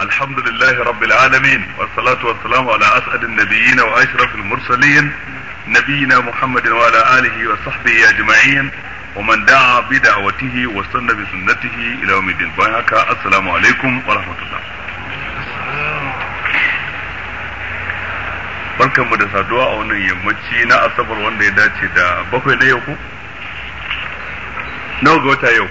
الحمد لله رب العالمين والصلاة والسلام على أسعد النبيين وأشرف المرسلين نبينا محمد وعلى آله وصحبه أجمعين ومن دعا بدعوته وسن بسنته إلى يوم الدين السلام عليكم ورحمة الله barkan mu da saduwa a wannan yammaci na asabar wanda ya dace da bakwai na yau ku nawa ga wata yau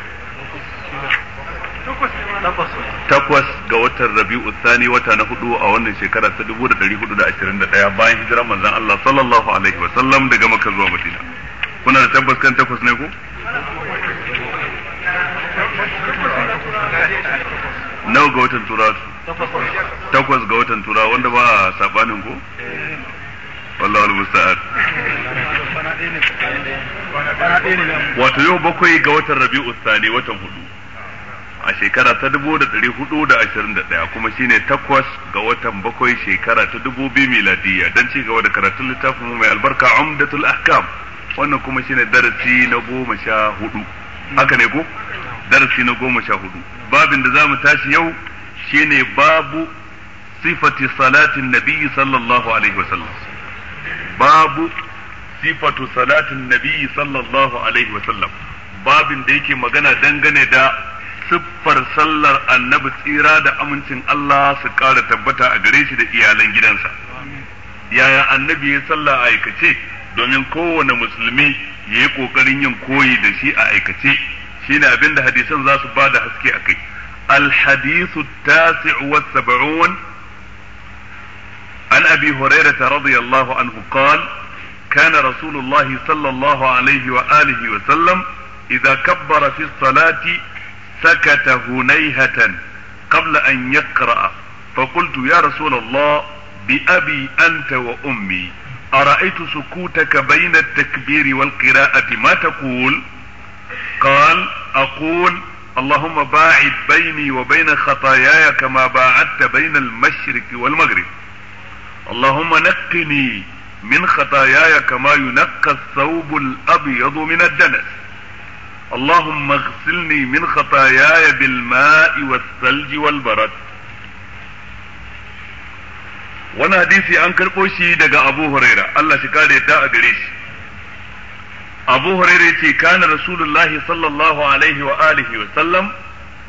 takwas ga watan rabi'u sani wata na hudu a wannan shekara ta dubu da da da dari hudu ashirin daya bayan hijira manzan Allah sallallahu alaihi wa sallam daga maka zuwa Madina kuna da tabbas kan takwas ne ku nawa ga watan tura takwas ga watan tura wanda ba a sabanin ku wallahu musta'an wato yau bakwai ga watan rabi'u sani watan hudu a shekara ta dubu da dari hudu da ashirin da ɗaya kuma shine takwas ga watan bakwai shekara ta dubu biyu miladiyya don ci gaba da karatun littafin mai albarka umdatul ahkam wannan kuma shine darasi na goma sha hudu haka ne ko darasi na goma sha hudu babin da zamu tashi yau shine babu sifati salatin nabi sallallahu alaihi wasallam babu sifatu salatin nabi sallallahu alaihi wasallam babin da yake magana dangane da siffar sallar annabi tsira da amincin Allah su ƙara tabbata a gare shi da iyalan gidansa yaya annabi ya salla a aikace domin kowane musulmi ya yi ƙoƙarin yin koyi da shi a aikace shine abin da hadisan za su ba da haske a kai الحديث التاسع والسبعون عن ابي هريره رضي radiyallahu عنه قال كان رسول الله صلى الله عليه واله وسلم اذا كبر في الصلاه سكت هنيهة قبل أن يقرأ فقلت يا رسول الله بأبي أنت وأمي أرأيت سكوتك بين التكبير والقراءة ما تقول؟ قال أقول اللهم باعد بيني وبين خطاياي كما باعدت بين المشرق والمغرب اللهم نقني من خطاياي كما ينقى الثوب الأبيض من الدنس اللهم اغسلني من خطاياي بالماء والثلج والبرد wani hadisi an karɓo shi daga abu huraira Allah shi kare da a gare shi abu huraira ce kana rasulullahi sallallahu alaihi wa alihi wa sallam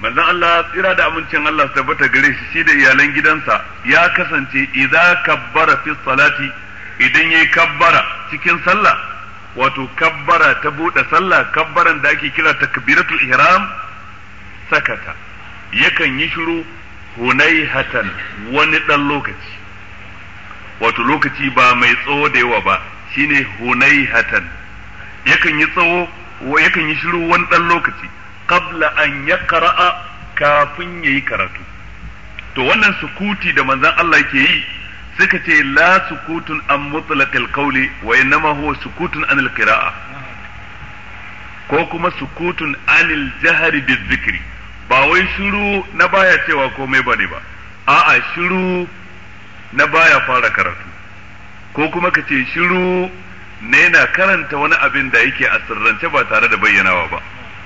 manzon Allah tsira da amincin Allah tabbata gare shi shi iyalan gidansa ya kasance idza kabbara fi salati idan yayi kabbara cikin sallah wato kabbara ta buɗe sallah kabbaran da ake kira takbiratul ihram sakata yakan yi shiru hunaihatan wani ɗan lokaci wato lokaci ba mai tsawo da yawa ba shine hunaihatan yakan yi tsawo yakan yi shiru wani ɗan lokaci qabla an ya kara'a kafin ya yi karatu to wannan sukuti da manzon Allah ke yi suka ce la sukutun an mutlaqil qawli wa innama huwa sukutun an al ko kuma sukutun anil bi zikiri ba wai shiru na baya cewa komai bane ba a'a shiru na baya fara karatu ko kuma ka ce shiru ne na karanta wani abin da yake a sirrance ba tare da bayyanawa ba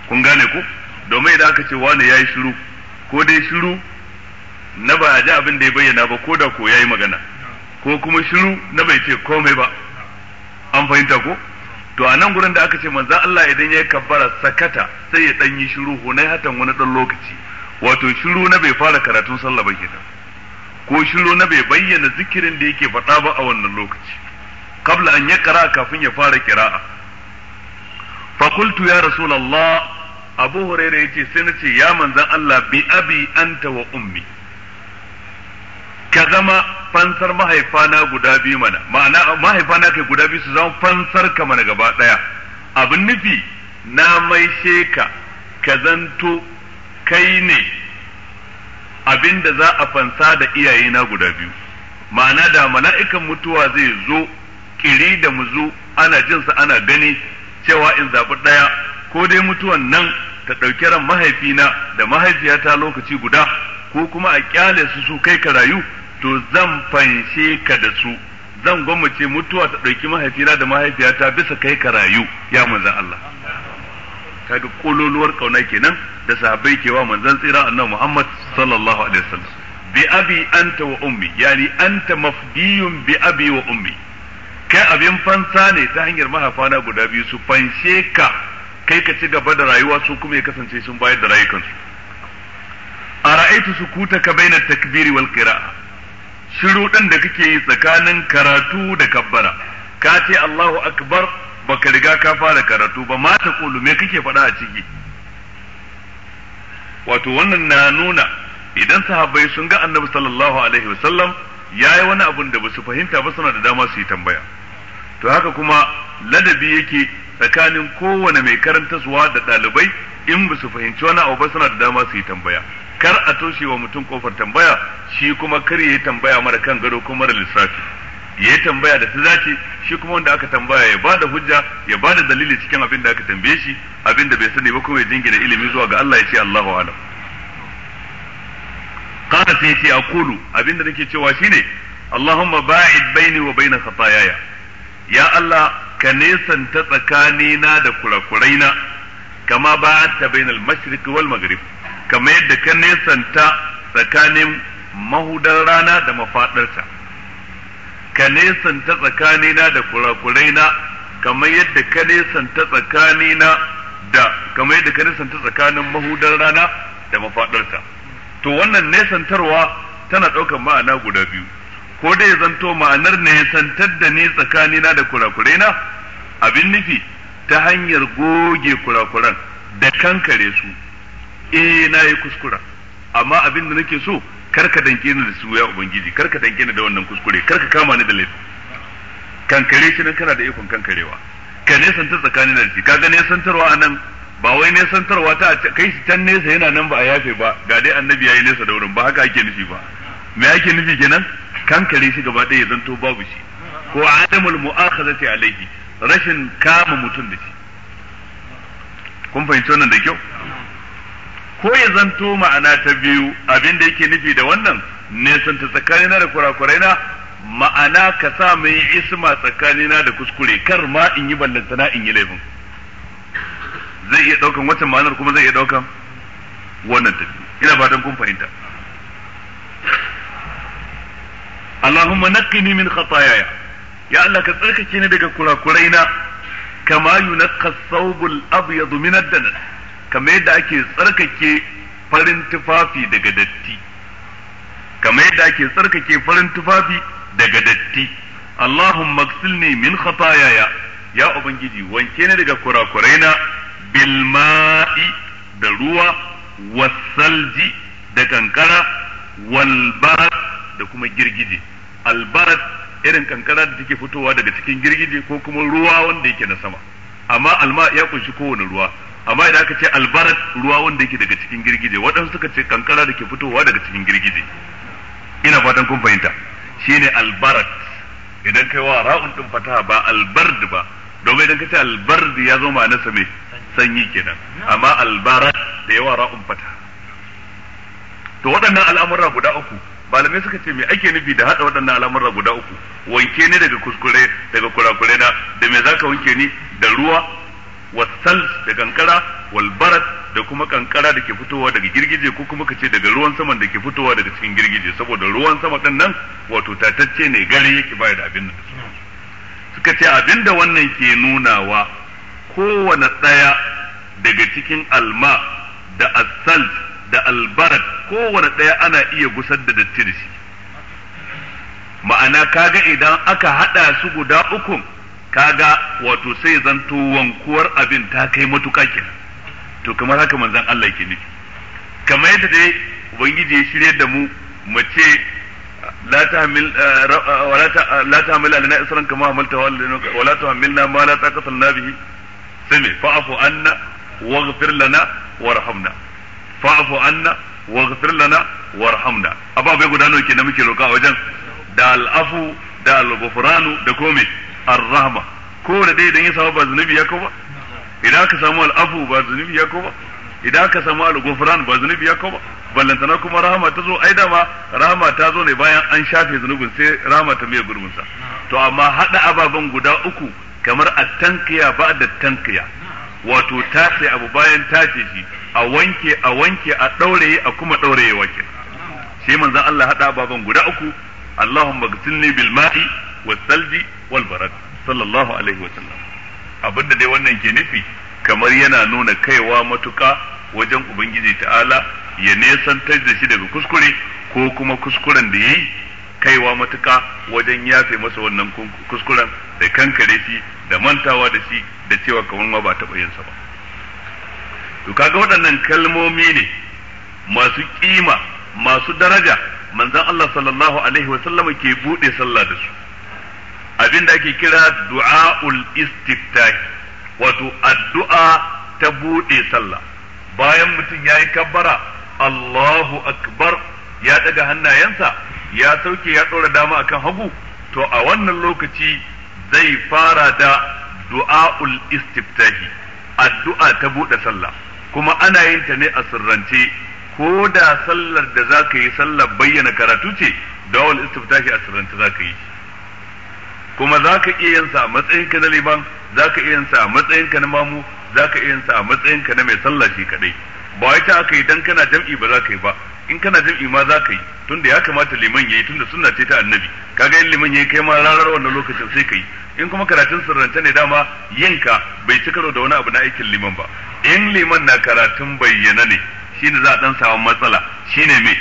kun gane ku domin idan aka ce wani yi shiru ko dai shiru na ba ji abin da ya bayyana ba ko da ko ya yi magana ko kuma shiru na bai ce komai ba an fahimta ko to a nan gurin da aka ce manzan Allah idan ya kabbara sakata sai ya ɗan yi shiru hunai hatan wani ɗan lokaci wato shiru na bai fara karatun sallah ba kenan ko shiru na bai bayyana zikirin da yake faɗa ba a wannan lokaci kabla an ya kara kafin ya fara kira'a fa ya rasulallah abu ya ce sai na ce ya manzan Allah bi abi anta wa ummi ka zama fansar mahaifana guda biyu mana ma'ana mahaifana kai guda biyu su zama fansar ka mana gaba daya abin nufi na maishe ka ka zanto kai ne abin da za a fansa da iyayena guda biyu ma'ana da mala'ikan mutuwa zai zo kiri da mu zo ana jinsa ana gani cewa in zaɓi ɗaya ko dai mutuwan nan ta ɗauki ran mahaifina da mahaifiyata lokaci guda ko kuma a kyale su su kai ka rayu to zan fanshe ka da su zan gwammace mutuwa ta ɗauki mahaifina da mahaifiyata bisa kai ka rayu ya manzan Allah kaga kololuwar kauna kenan da sahabbai kewa manzan tsira annabi Muhammad sallallahu alaihi wasallam bi abi anta wa ummi yani anta mafdiyun bi abi wa ummi kai abin fansa ne ta hanyar mahaifana guda biyu su fanshe ka kai ka ci gaba da rayuwa su kuma ya kasance sun bayar da rayukansu A ara'aitu ka baina takbiri wal qira'a shiru ɗin da kake yi tsakanin karatu da kabbara ka ce Allahu akbar baka riga ka fara karatu ba ma ta kulu me kake faɗa a ciki wato wannan na nuna idan sahabbai sun ga annabi sallallahu alaihi wasallam yayi wani abun da basu fahimta ba suna da dama su yi tambaya to haka kuma ladabi yake tsakanin kowane mai karanta suwa da ɗalibai in basu fahimci wani abu ba suna da dama su yi tambaya kar a toshe wa mutum kofar tambaya shi kuma kar ya yi tambaya mara kan gado ko mara lissafi yayi tambaya da ta zace shi kuma wanda aka tambaya ya bada hujja ya bada dalili cikin abin da aka tambaye shi abin da bai sani ba kuma ya jingina ilimi zuwa ga Allah ya ce Allahu a'lam qala sai ce aqulu abin da nake cewa shine Allahumma ba'id baini wa baina khataayaya ya Allah ka nesanta tsakanina da kurakuraina kama ba'adta bainal mashriqi wal maghrib kamar yadda ka nesanta tsakanin mahudar rana da mafaɗarta ka nesanta tsakanina da kurakuraina kamar yadda ka nesanta tsakanina da kamar yadda ka nesanta tsakanin mahudar rana da mafaɗarta to wannan nesantarwa tana ɗaukar ma'ana guda biyu ko dai zanto ma'anar nesantar da ni tsakanina da kurakuraina abin nufi ta hanyar goge kurakuran da kankare su eh na yi kuskura amma abin da nake so kar ka danke ni da su ya ubangiji kar ka danke ni da wannan kuskure kar ka kama ni da laifi kankare shi nan kana da ikon kankarewa ka nesantar tsakanin da shi kaga nesantarwa a nan ba wai nesantarwa ta kai shi can nesa yana nan ba a yafe ba ga dai annabi yayi nesa da wurin ba haka ake nufi ba me ake nufi kenan kankare shi gaba ɗaya ya zanto babu shi ko adamul mu'akhazati alaihi rashin kama mutum da shi kun fahimci wannan da kyau ko ya zanto ma'ana ta biyu abin da yake nufi da wannan sun ta tsakanina da kurakurai na ma'ana ka sa mai isma tsakanina da kuskure kar ma in yi na in yi laifin zai iya daukan wata ma'anar kuma zai iya daukan wannan tafi ina fatan kun fahimta Allahumma naqqini min khataayaya ya Allah ka tsarkake ni daga na kama yunqqa thawbul abyad min ad-danas kamar yadda ake tsarkake farin tufafi daga datti kamar yadda ake tsarkake farin tufafi daga datti Allahumma gsilni min khataayaya ya ubangiji wanke ni daga kurakuraina na, ma'i da ruwa wasalji da kankara wal da kuma girgije al irin kankara da take fitowa daga cikin girgije ko kuma ruwa wanda yake na sama amma alma ya kunshi kowane ruwa amma idan aka ce albarat ruwa wanda yake daga cikin girgije waɗansu suka ce kankara da ke fitowa daga cikin girgije ina fatan kun fahimta shine albarat idan kai wa ra'un din fataha ba albard ba domin idan ka ce albard ya zo ma nasa mai sanyi kenan amma albarat da yawa ra'un fataha to waɗannan al'amurra guda uku malamai suka ce me ake nufi da hada waɗannan alamar guda uku wanke ni daga kuskure daga kurakure na da me zaka wanke ni da ruwa wasal da kankara wal barat da kuma kankara da ke fitowa daga girgije ko kuma ka ce daga ruwan saman da ke fitowa daga cikin girgije saboda ruwan sama din nan wato tatacce ne gare yake bayar da abin da suka ce abin da wannan ke nunawa kowane ɗaya daga cikin alma da asal da albarak kowane ɗaya ana iya gusar da datti da shi ma'ana kaga idan aka haɗa su guda ukun kaga wato sai zanto wankuwar abin ta kai matuƙa kenan to kamar haka manzon Allah ke nufi kamar yadda dai ubangiji ya shirye da mu mace la tahmil eh, eh, eh, la tahmil alana isran kama hamalta wa la tahmilna ma la bihi sami fa'fu anna waghfir lana warhamna fa'fu anna waghfir lana warhamna ababai guda nawa da muke roƙa wajen da al'afu da al-ghufranu da kome ar-rahma kowane dai idan ya samu ba zunubi ya ba idan aka samu al'afu ba zunubi ya ba idan aka samu al-ghufran ba zunubi ya ba ballantana kuma rahama ta zo ai ma rahama ta zo ne bayan an shafe zunubin sai rahama ta mai gurbin sa to amma hada ababan guda uku kamar at-tanqiya ba'da at-tanqiya wato tace abu bayan tace shi a wanke a wanke a ɗauraye a kuma ɗauraye wake shi zan Allah hada baban guda uku Allahumma gsilni bil ma'i was salji wal barad sallallahu alaihi wa sallam abinda dai wannan ke nufi kamar yana nuna kaiwa matuka wajen ubangiji ta'ala ya nesantar da shi daga kuskure ko kuma kuskuren da yayi kaiwa matuka wajen yafe masa wannan kuskuren da kankare shi da mantawa da shi da cewa kamar ma ba taɓa yinsa ba to kaga waɗannan kalmomi ne masu kima masu daraja manzon Allah sallallahu alaihi wa sallama ke bude sallah da su abinda ake kira du'aul istiftah wato addu'a ta bude sallah bayan mutum yayi kabbara Allahu akbar ya daga hannayensa ya sauke ya dora dama akan hagu to a wannan lokaci zai fara da du'aul istiftahi addu'a ta bude sallah kuma ana yin ta ne a sirrance ko da sallar da za ka yi sallar bayyana karatu ce dawal istiftahi a sirrance za ka yi kuma za ka iya yin sa a matsayin ka na liman za ka iya yin sa a matsayin ka na mamu za ka iya yin sa a matsayin ka na mai sallah shi kadai ba wai ta aka yi dan kana jam'i ba za ka yi ba in kana jam'i ma za ka yi tun da ya kamata liman ya yi tun tunda suna ce ta annabi kaga in liman ya yi kai ma rarar wannan lokacin sai ka yi in kuma karatun sirrance ne dama yinka bai ci karo da wani abu na aikin liman ba in liman na karatun bayyana ne shine za a dan samu matsala shine me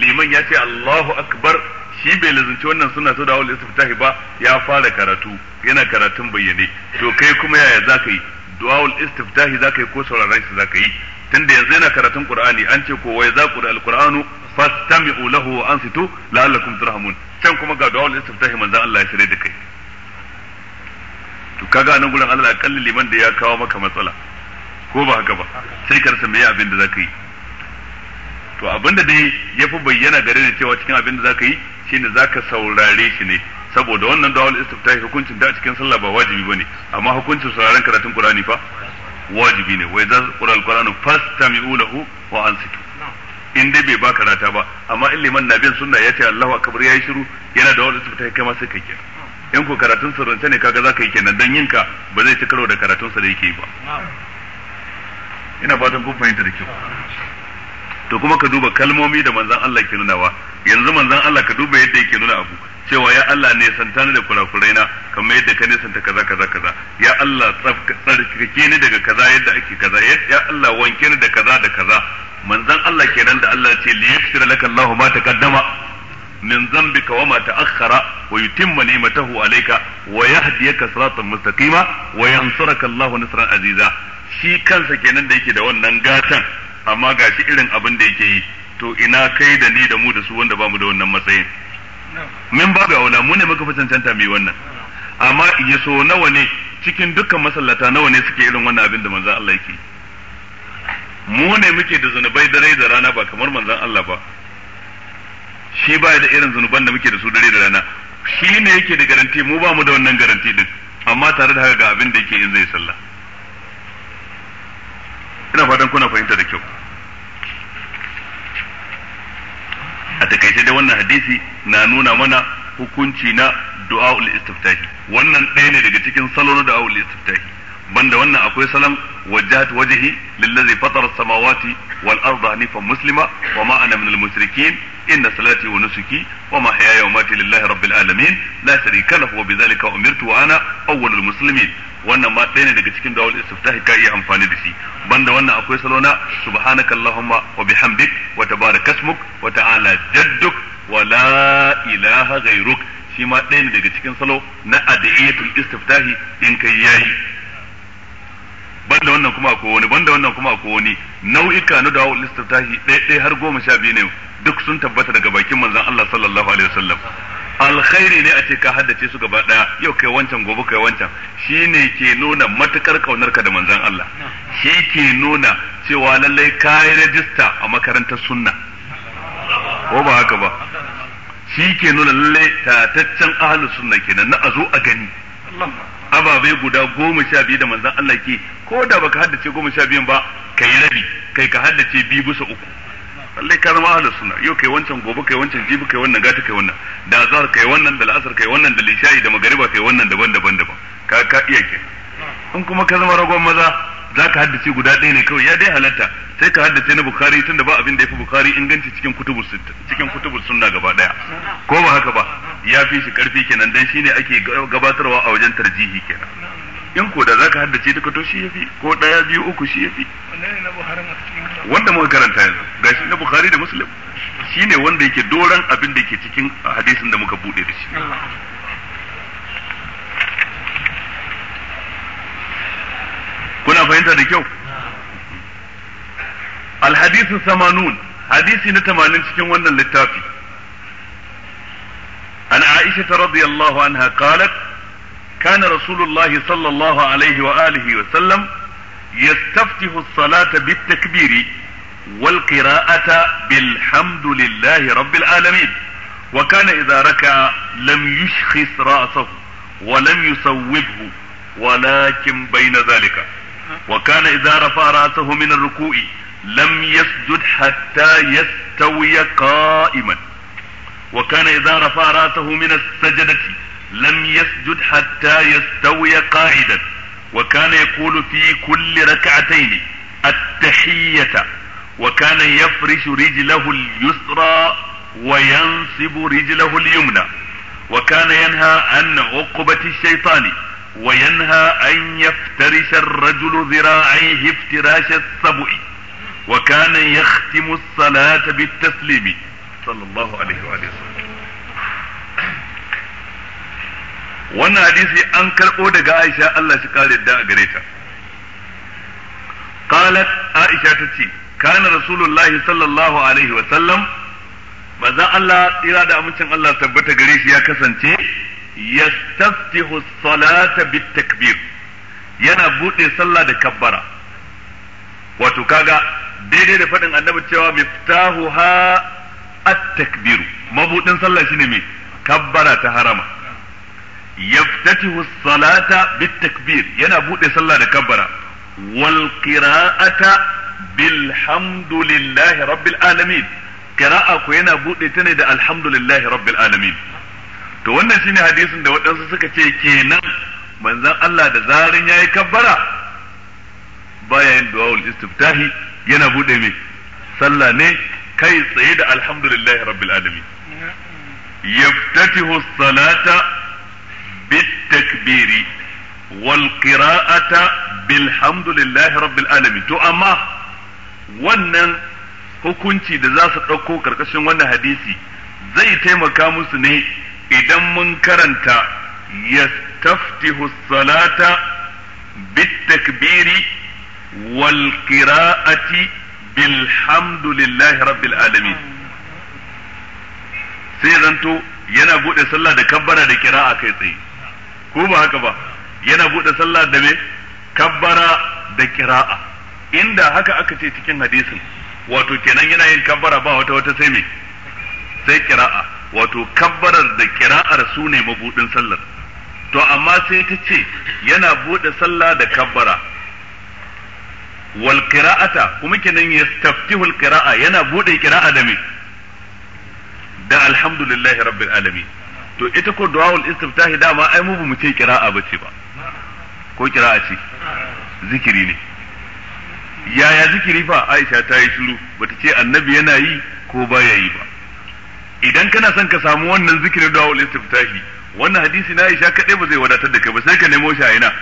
liman ya ce Allahu akbar shi bai lazunci wannan suna so da awal istiftahi ba ya fara karatu yana karatun bayyane to kai kuma yaya zaka yi du'aul istiftahi zaka yi ko sauraron shi zaka yi tunda yanzu yana karatun qur'ani an ce ko wai za da alqur'anu fastami'u lahu wa ansitu la'allakum turhamun can kuma ga dawal istiftahi manzon Allah ya shirye da kai to kaga nan gurin Allah akalli liman da ya kawo maka matsala ko ba haka ba sai ka rasa meye abin da zaka yi to abin da dai yafi bayyana gare ni cewa cikin abin da zaka yi shine zaka saurare shi ne saboda wannan dawal istiftahi hukuncin da cikin sallah ba wajibi bane amma hukuncin sauraron karatun qur'ani fa wajibi ne wai za su ƙura alƙur'anu ula hu wa ansitu in dai bai baka rata ba amma in liman na bin sunna ya ce Allahu akbar yayi shiru yana da wani tafta kai ma sai kai kenan in ko karatun sirrance ne kaga ka yi kenan dan yinka ba zai ci karo da karatun sa da yake ba ina fatan kun fahimta da kyau to kuma ka duba kalmomi da manzon Allah ke nunawa yanzu manzon Allah ka duba yadda yake nuna abu cewa ya Allah ne santa ni da kurakurai na kamar yadda ka nisanta kaza kaza kaza ya Allah tsarkake ni daga kaza yadda ake kaza ya Allah wanke ni da kaza da kaza manzon Allah kenan da Allah ce li yaghfir laka Allahu ma taqaddama min dhanbika wa ma ta'akhkhara wa yutimma ni'matahu alayka wa yahdiyaka siratan mustaqima wa yansuraka Allahu nasran aziza shi kansa kenan da yake da wannan gatan amma gashi irin abin da yake yi to ina kai da ni da mu da su wanda bamu da wannan matsayin min babu aula mu ne muka fi cancanta mai wannan amma so nawa ne cikin dukkan masallata nawa ne suke irin wannan abin da manzan Allah yake mu ne muke da zunubai dare da rana ba kamar manzan Allah ba shi ba da irin zunuban da muke da su dare da rana shi ne yake da garanti mu ba mu da wannan garanti din amma tare da haka ga abin da yake in zai sallah ina fatan kuna fahimta da kyau a takaice da wannan hadisi na nuna mana hukunci na du'a'ul istiftahi wannan ɗaya ne daga cikin salon du'a'ul istiftahi banda wannan akwai salon wajhat wajhi lillazi fatara samawati wal arda hanifan muslima wa ma ana minal mushrikin inna salati wa nusuki wa mahyaya wa mati lillahi rabbil alamin la sharika lahu wa bidhalika umirtu wa ana awwalul muslimin wannan ma ɗaya ne daga cikin dawal istiftahi ka iya amfani da shi banda wannan akwai salona subhanaka allahumma wa bihamdik wa tabarak asmuk wa ta'ala jadduk wa la ilaha ghayruk shi ma ɗaya ne daga cikin salo na adiyatul istiftahi in kai yayi banda wannan kuma akwai wani banda wannan kuma akwai wani nau'ika na dawal istiftahi ɗaya ɗaya har goma sha biyu ne duk sun tabbata daga bakin manzon Allah sallallahu alaihi wasallam alkhairi ne a ce ka haddace su gaba daya yau kai wancan gobe kai wancan shine ke nuna matukar kaunarka da manzon Allah shi ke nuna cewa lallai ka yi rajista a makarantar sunna ko ba haka ba shi ke nuna lallai tataccen ahlus sunna kenan na azo a gani ababai guda goma sha biyu da manzon Allah ke ko da baka haddace goma sha biyun ba kai rabi kai ka haddace biyu bisa uku lallai ka zama ahlus sunna yau kai wancan gobe kai wancan jibi kai wannan gata kai wannan da azhar kai wannan da la'asar kai wannan da lishayi da magariba kai wannan daban daban daban ka ka iya ke in kuma ka zama ragon maza za ka haddace guda ɗaya ne kawai ya dai halatta sai ka haddace na bukari tunda ba abin da ya fi bukari inganci cikin kutubu cikin kutubu sunna gaba ɗaya ko ba haka ba ya fi shi karfi kenan dan shine ake gabatarwa a wajen tarjihi kenan in ko da ka haddace duka to shi fi ko daya biyu uku shi fi wanda muka karanta yanzu gashi na bukhari da muslim shine wanda yake doran abin da ke cikin hadisin da muka bude da shi kuna fahimta da kyau alhadisin samanun hadisi na tamanin cikin wannan littafi an aisha radiyallahu anha qalat كان رسول الله صلى الله عليه وآله وسلم يستفتح الصلاة بالتكبير والقراءة بالحمد لله رب العالمين وكان إذا ركع لم يشخص رأسه ولم يصوبه ولكن بين ذلك وكان إذا رفع رأسه من الركوع لم يسجد حتى يستوي قائما وكان إذا رفع رأسه من السجدة لم يسجد حتى يستوي قاعدا وكان يقول في كل ركعتين التحية وكان يفرش رجله اليسرى وينصب رجله اليمنى وكان ينهى عن عقبة الشيطان وينهى أن يفترش الرجل ذراعيه افتراش السبع وكان يختم الصلاة بالتسليم صلى الله عليه وآله وسلم wannan hadisi an karɓo daga Aisha Allah shi kare da gare ta qalat Aisha tace kana rasulullahi sallallahu alaihi wa sallam maza Allah tsira da amincin Allah tabbata gare shi ya kasance yastaftihu salata bit takbir yana bude sallah da kabbara wato kaga daidai da faɗin annabi cewa miftahu ha at takbiru mabudin sallah shine me kabbara ta harama yaftatihu salata bit yana buɗe sallah da kabbara wal qira'ata bil hamdulillahi rabbil alamin qira'a ko yana buɗe ta ne da alhamdulillahi rabbil alamin to wannan shine hadisin da waɗansu suka ce kenan manzon Allah da zarin yayi kabbara baya yin du'aul istiftahi yana bude me sallah ne kai tsaye da alhamdulillahi rabbil alamin yaftatihu salata بالتكبير والقراءة بالحمد لله رب العالمين تو أما wannan hukunci da za su ɗauko ƙarƙashin wannan hadisi zai taimaka musu ne idan mun karanta yastaftihu salata bitakbiri wal qira'ati bilhamdulillahi rabbil alamin sai zanto yana buɗe sallah da kabbara da kira'a kai tsaye ko ba haka ba yana buɗe sallah da me kabbara da kira'a inda haka aka ce cikin hadisin wato kenan yana yin kabbara ba wata wata sai me sai kira'a wato kabbarar da kira'ar su ne mabudin sallar to amma sai ta ce yana buɗe sallah da kabbara wal qira'ata kuma kenan yastaftihul qira'a yana buɗe kira'a da me da alhamdulillahi rabbil alamin to ita ko du'aul istiftahi dama ai mu bamu ce ba ce ba ko kira'a ce zikiri ne yaya zikiri fa Aisha ta yi shiru bata ce annabi yana yi ko baya yi ba idan kana son ka samu wannan zikirin du'aul istiftahi wannan hadisi na Aisha kadai ba zai wadatar da kai ba sai ka nemo shi a ina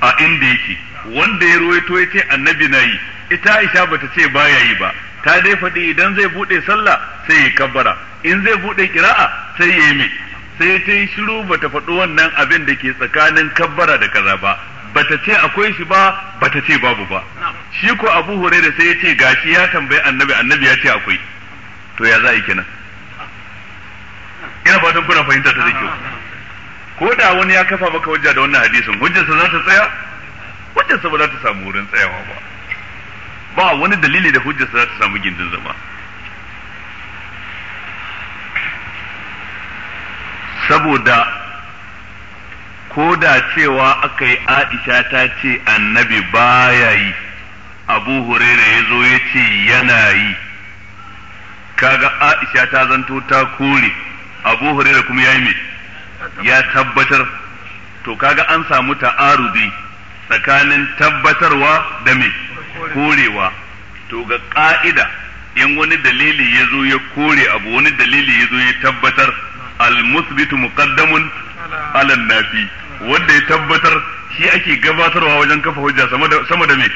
a inda yake wanda ya ruwaito ya ce annabi na yi ita Aisha bata ce baya yi ba ta dai faɗi idan zai buɗe sallah sai ya kabbara in zai buɗe kira'a sai ya yi mai sai ta yi shiru bata faɗi wannan abin da ke tsakanin kabbara da kaza ba ta ce akwai shi ba ba ta ce babu ba shi ko abu da sai ya ce gashi ya tambayi annabi annabi ya ce akwai to ya za a yi kenan ina fatan kuna fahimta ta da kyau ko da wani ya kafa maka hujja da wannan hadisin hujjarsa za ta tsaya hujjarsa ba za ta samu wurin tsayawa ba ba wani dalili da hujjarsa za ta samu gindin zama saboda ko da cewa aka yi aisha ta ce annabi baya yi abu huraira ya zo ya ce yana yi kaga aisha ta zanto ta kore abu huraira kuma ya yi mai ya tabbatar to kaga an samu ta'arudi tsakanin tabbatarwa da mai korewa to ga ka'ida in wani dalili ya zo ya kore abu wani dalili ya zo ya tabbatar al-musbitu muqaddamun ala nafi wanda ya tabbatar shi ake gabatarwa wajen kafa hujja sama da me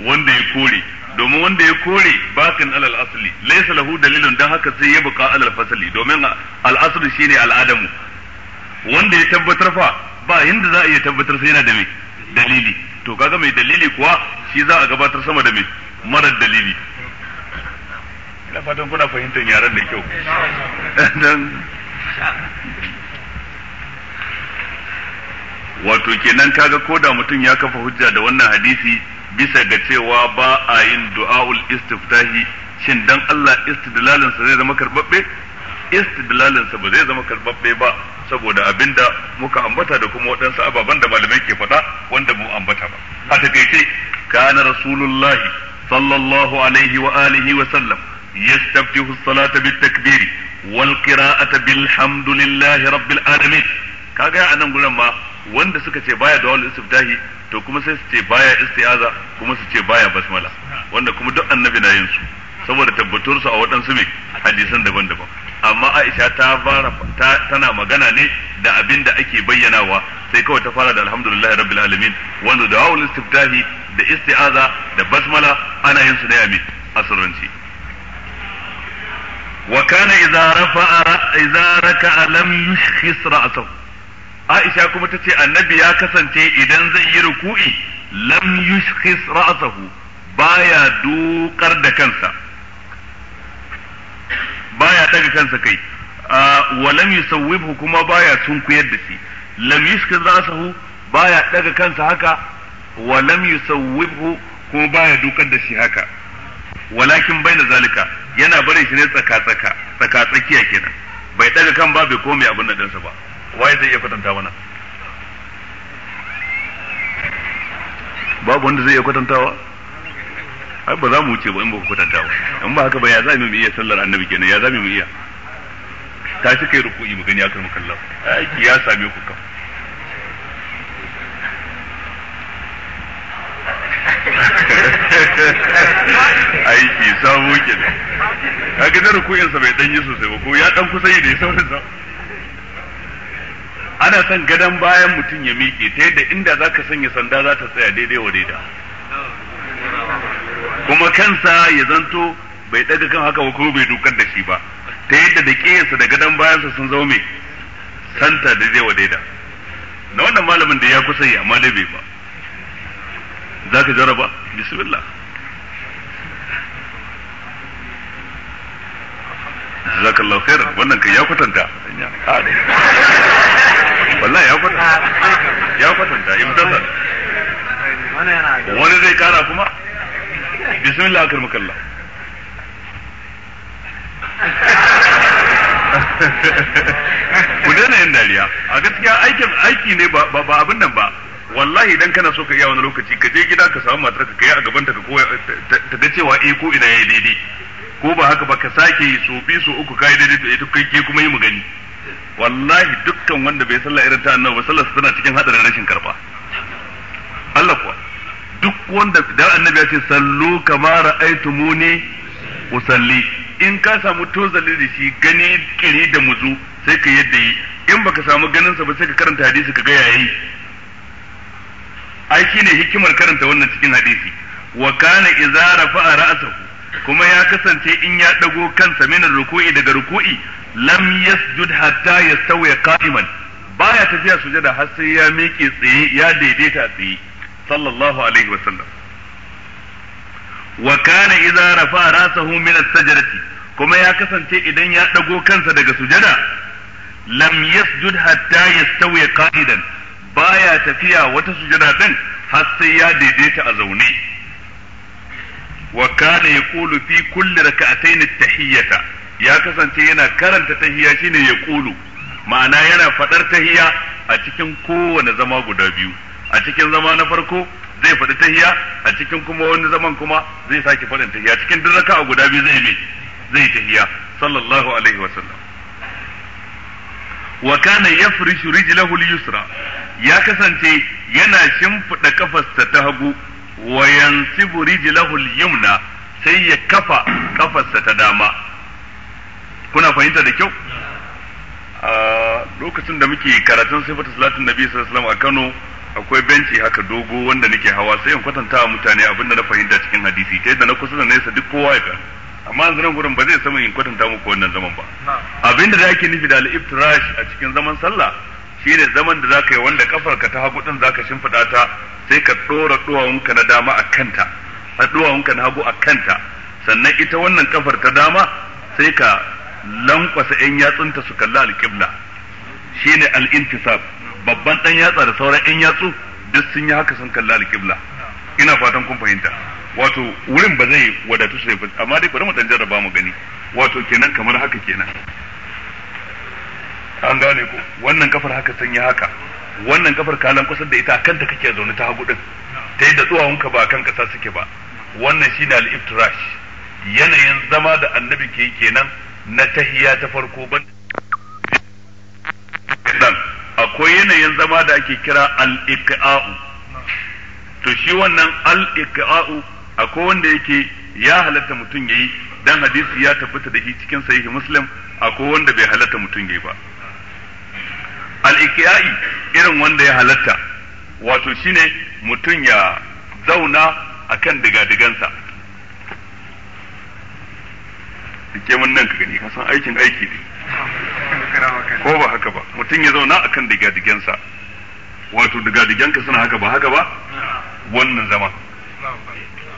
wanda ya kore domin wanda ya kore bakin alal asli laysa lahu dalilun dan haka sai ya buka alal fasli domin al asli shine al adamu wanda ya tabbatar fa ba inda za a iya tabbatar sai yana da me dalili to kaga mai dalili kuwa shi za a gabatar sama da mai marar dalili ina fatan kuna fahimtar yaran da kyau wato kenan kaga ko da mutum ya kafa hujja da wannan hadisi bisa ga cewa ba a yin du'a'ul istiftahi shin dan Allah istidlalin sa zai zama karbabbe istidlalin sa ba zai zama karbabbe ba saboda abinda muka ambata da kuma waɗansu ababen da malamai ke faɗa wanda mu ambata ba a takaice kana rasulullahi sallallahu alaihi wa alihi wa sallam yastaftihu salata bit takbiri wal qira'ata bil hamdulillahi rabbil alamin kaga a nan gurin ma wanda suka ce baya da wal istiftahi to kuma sai su ce baya isti'aza kuma su ce baya basmala wanda kuma duk annabi na yin su saboda tabbatar su a waɗansu mai hadisan daban-daban amma Aisha ta fara tana magana ne da abin da ake bayyanawa sai kawai ta fara da alhamdulillahi rabbil alamin wanda da wawul istiftahi da isti'aza da basmala ana yin su ne a asirranci wa kana idza rafa'a idza raka'a lam Aisha kuma tace annabi ya kasance idan zai yi ruku'i lam yushkhis ra'sahu baya dukar da kansa baya daga kansa kai wa lam yusawwibhu kuma baya sunkuyar da shi lam yushkil ra'sahu baya daga kansa haka wa lam yusawwibhu kuma baya dukar da shi haka walakin baina zalika yana bare shi ne tsaka tsaka tsaka tsakiya kenan bai daga kan ba bai komai abin da dinsa ba waye zai iya kwatanta wannan babu wanda zai iya kwatantawa har ba za mu wuce ba in ba ku kwatanta ba in ba haka ba ya za mu iya sallar annabi kenan ya za mu iya ta shi kai ruku'i mu gani ya karmu kallon aiki ya same ku kan aiki sabo kenan kaga na ruku'in sa bai dan yi sosai ba ko ya dan kusa yi da ya saurin sa ana son gadon bayan mutum ya miƙe ta yadda inda zaka sanya sanda za ta tsaya daidai wa daida kuma kansa ya zanto bai daga kan haka ba kuma bai dukan da shi ba ta yadda da kiyarsa da gadon bayansa sun zo mai santa da zai wadaida na wannan malamin da ya kusa yi amma dai bai ba za ka jaraba bismillah jazakallahu khairan wannan kai ya kwatanta wallahi ya kwatanta ya kwatanta imtasa wani zai kara kuma bismillah akar makalla ku daina yin dariya a gaskiya aikin aiki ne ba ba abin nan ba wallahi idan kana so ka iya wani lokaci ka je gida ka samu matar ka kai a gaban ta ka koya ta ga cewa eh ko ina yayi daidai ko ba haka ba ka sake yi so bi so uku kai daidai to ita eh, kai ke kuma yi mu gani wallahi dukkan wanda bai sallah irin ta annabi ba sallar tana cikin hadarin rashin karba Allah kuwa duk wanda da annabi ya ce sallu kama ne usalli in ka samu tozali da shi gani kiri da muzu sai ka yadda yi in baka samu ganin sa ba sai ka karanta hadisi ka ga yayi ai shine hikimar karanta wannan cikin hadisi wa kana idza rafa'a ra'sahu kuma ya kasance in ya dago kansa minar ruku'i daga ruku'i lam yasjud hatta yastawi qa'iman baya tafiya sujada har sai ya miƙe tsaye ya daidaita tsaye sallallahu alaihi wa sallam kuma ya kasance idan ya dago kansa daga sujada lam yasjud hatta yastawi qa'idan baya tafiya wata sujada din har sai ya daidaita a zaune wa kana yaqulu fi kulli rak'atayn at-tahiyyata ya kasance yana karanta tahiya shine yaqulu ma'ana yana faɗar tahiya a cikin kowane zama guda biyu a cikin zama na farko zai faɗi tahiya a cikin kuma wani zaman kuma zai sake faɗin tahiya cikin duk raka'a guda biyu zai mai zai tahiya sallallahu alaihi wa sallam wa kana yafrishu rijlahu al-yusra ya kasance yana shimfiɗa kafarsa ta hagu wa yansibu rijlahu al-yumna sai ya kafa kafarsa ta dama kuna fahimta da kyau a lokacin da muke karatun sifatu salatin nabi sallallahu alaihi sallam a Kano akwai benci haka dogo wanda nake hawa sai in kwatanta wa mutane abin da na fahimta cikin hadisi ta yadda na kusa da nesa duk kowa ya ga amma yanzu nan gurin ba zai samu in kwatanta muku wannan zaman ba abin da ake nufi da al-iftirash a cikin zaman sallah shine zaman da zaka yi wanda kafar ka ta hagu din zaka shimfida ta sai ka dora duwawunka na dama a kanta a duwawunka na hagu a kanta sannan ita wannan kafar ta dama sai ka lankwasa yan yatsunta su kalla al-qibla shine al-intisab babban dan yatsa da sauran yan yatsu duk sun yi haka sun kalla alƙibla ina fatan kun fahimta wato wurin ba zai wadatu sai ba amma dai bari mu dan jarraba mu gani wato kenan kamar haka kenan an gane ko wannan kafar haka sun yi haka wannan kafar kalan kusa da ita kanta kake zaune ta hagu din ta yadda tsuwawunka ba kan kasa suke ba wannan shine al-iftirash yanayin zama da annabi ke kenan na tahiya ta farko ban akwai yanayin zama da ake kira al'ika'u to shi wannan al'ika'u akwai wanda yake ya halatta mutum ya yi don hadisi ya tabbata da shi cikin sahihi muslim akwai wanda bai halatta mutum ya yi ba al irin wanda ya halatta wato shi ne mutum ya zauna akan diga-digansa ka gani aikin aiki ne ko ba haka ba mutum ya zauna a kan digadigensa wato digadigenka suna haka ba haka ba wannan zama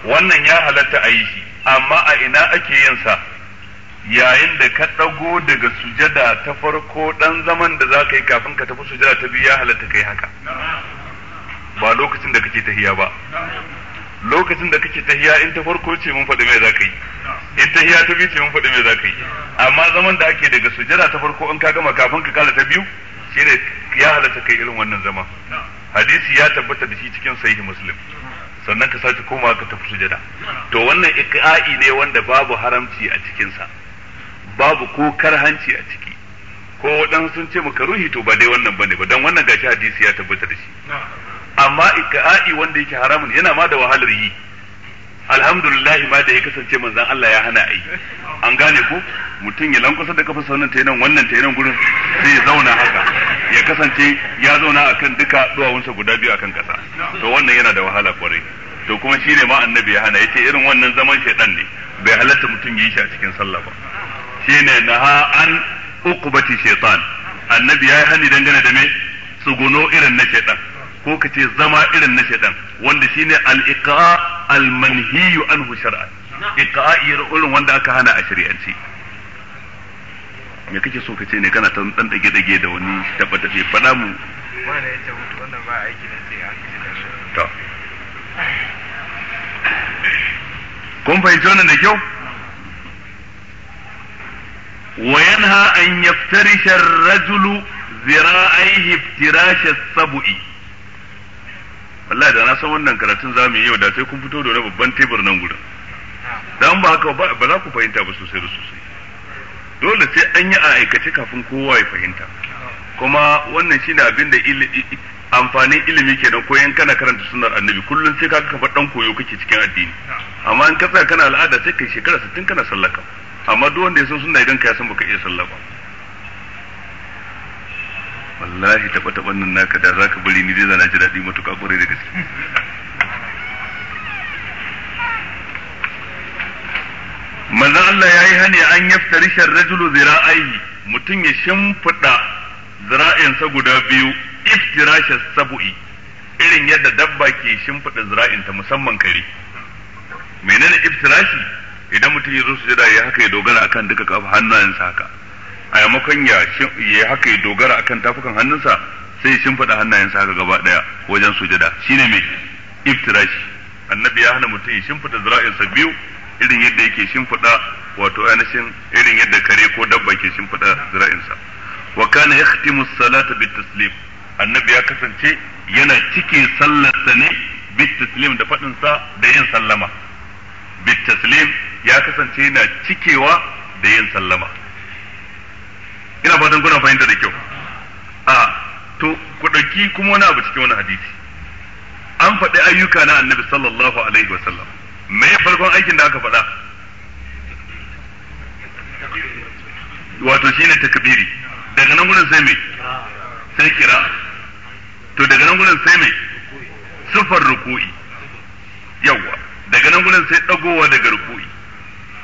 wannan ya halatta a yi shi amma a ina ake yin sa yayin da ka ɗago daga sujada ta farko ɗan zaman da za ka yi kafin ka tafi sujada ta biyu ya halatta kai haka ba lokacin da kake tahiya ba lokacin da kake tahiya in ta farko ce mun faɗi mai zaka yi in tahiya ta biyu ce mun faɗi mai zaka yi amma zaman da ake daga sujada ta farko in ka gama kafin ka kala ta biyu shi ne ya halatta kai irin wannan zama hadisi ya tabbata da shi cikin sahihi muslim sannan ka sace koma ka tafi sujada to wannan iqa'i ne wanda babu haramci a cikinsa babu ko karhanci a ciki ko waɗansu sun ce maka ruhi to ba dai wannan bane ba dan wannan gashi hadisi ya tabbata da shi amma ikra'i wanda yake haramun yana ma da wahalar yi alhamdulillah ma da ya kasance manzon Allah ya hana ai an gane ko mutum ya lankwasa da kafa sannan ta nan wannan ta nan gurin sai ya zauna haka ya kasance ya zauna akan duka duwawunsa guda biyu akan kasa to wannan yana da wahala kwarai to kuma shine ma annabi ya hana yace irin wannan zaman shedan ne bai halatta mutum yi shi a cikin sallah ba shine naha an uqbati shaytan annabi ya hani dangane da me tsuguno irin na shedan ko ka ce zama irin na shaidan wanda shi ne iqa al-manhiyu anhu shar'an iqa'i irin wanda aka hana a shari'anci me kake so ka ce ne kana ta dan dage dage da wani tabba tafi fada mu wanda ya ce mutu wannan ba aiki ne sai an da to kun fahimci wannan da kyau wa yanha an yaftarisha ar-rajulu ذراعيه افتراش السبئ wallahi da na san wannan karatun zamu yi yau da sai kun fito da wani babban tebur nan gurin dan ba haka ba za ku fahimta ba sosai da sosai dole sai an yi a aikace kafin kowa ya fahimta kuma wannan shine abin da amfanin ilimi ke ko koyon kana karanta sunnar annabi kullum sai ka kafa dan koyo kake cikin addini amma in ka tsaya kana al'ada sai kai shekara 60 kana sallaka amma duk wanda ya san sunna idan ka ya san baka iya sallaka wallahi taba taban nan naka da zaka bari ni zai zana ji daɗi matuƙa ƙwarai da gaske manzon Allah ya yi hani an yaftari sharrajulu zira'ai mutum ya shimfiɗa zira'insa guda biyu iftirasha sabu'i irin yadda dabba ke shimfiɗa zira'inta musamman kare menene iftirashi idan mutum ya zo su jira ya haka ya dogara akan duka kafa hannayensa haka a yamakon ya yi haka ya dogara akan tafukan hannunsa sai ya shimfiɗa hannayensa haka gaba ɗaya wajen sujada shine mai iftirashi annabi ya hana mutum ya shimfiɗa zira'insa biyu irin yadda yake shimfiɗa wato ainihin irin yadda kare ko dabba ke shimfiɗa zira'insa wa kana yakhtimu salata bit taslim annabi ya kasance yana sallar sallarsa ne bit taslim da faɗin sa da yin sallama bit taslim ya kasance yana cikewa da yin sallama ina fatan kuna fahimta da kyau a to ku ɗauki kuma wani abu cikin wani hadisi an faɗi ayyuka na annabi sallallahu alaihi wa sallam me farkon aikin da aka faɗa wato shine takbiri daga nan gurin sai me sai kira to daga nan gurin sai me sufar ruku'i yawa daga nan gurin sai dagowa daga ruku'i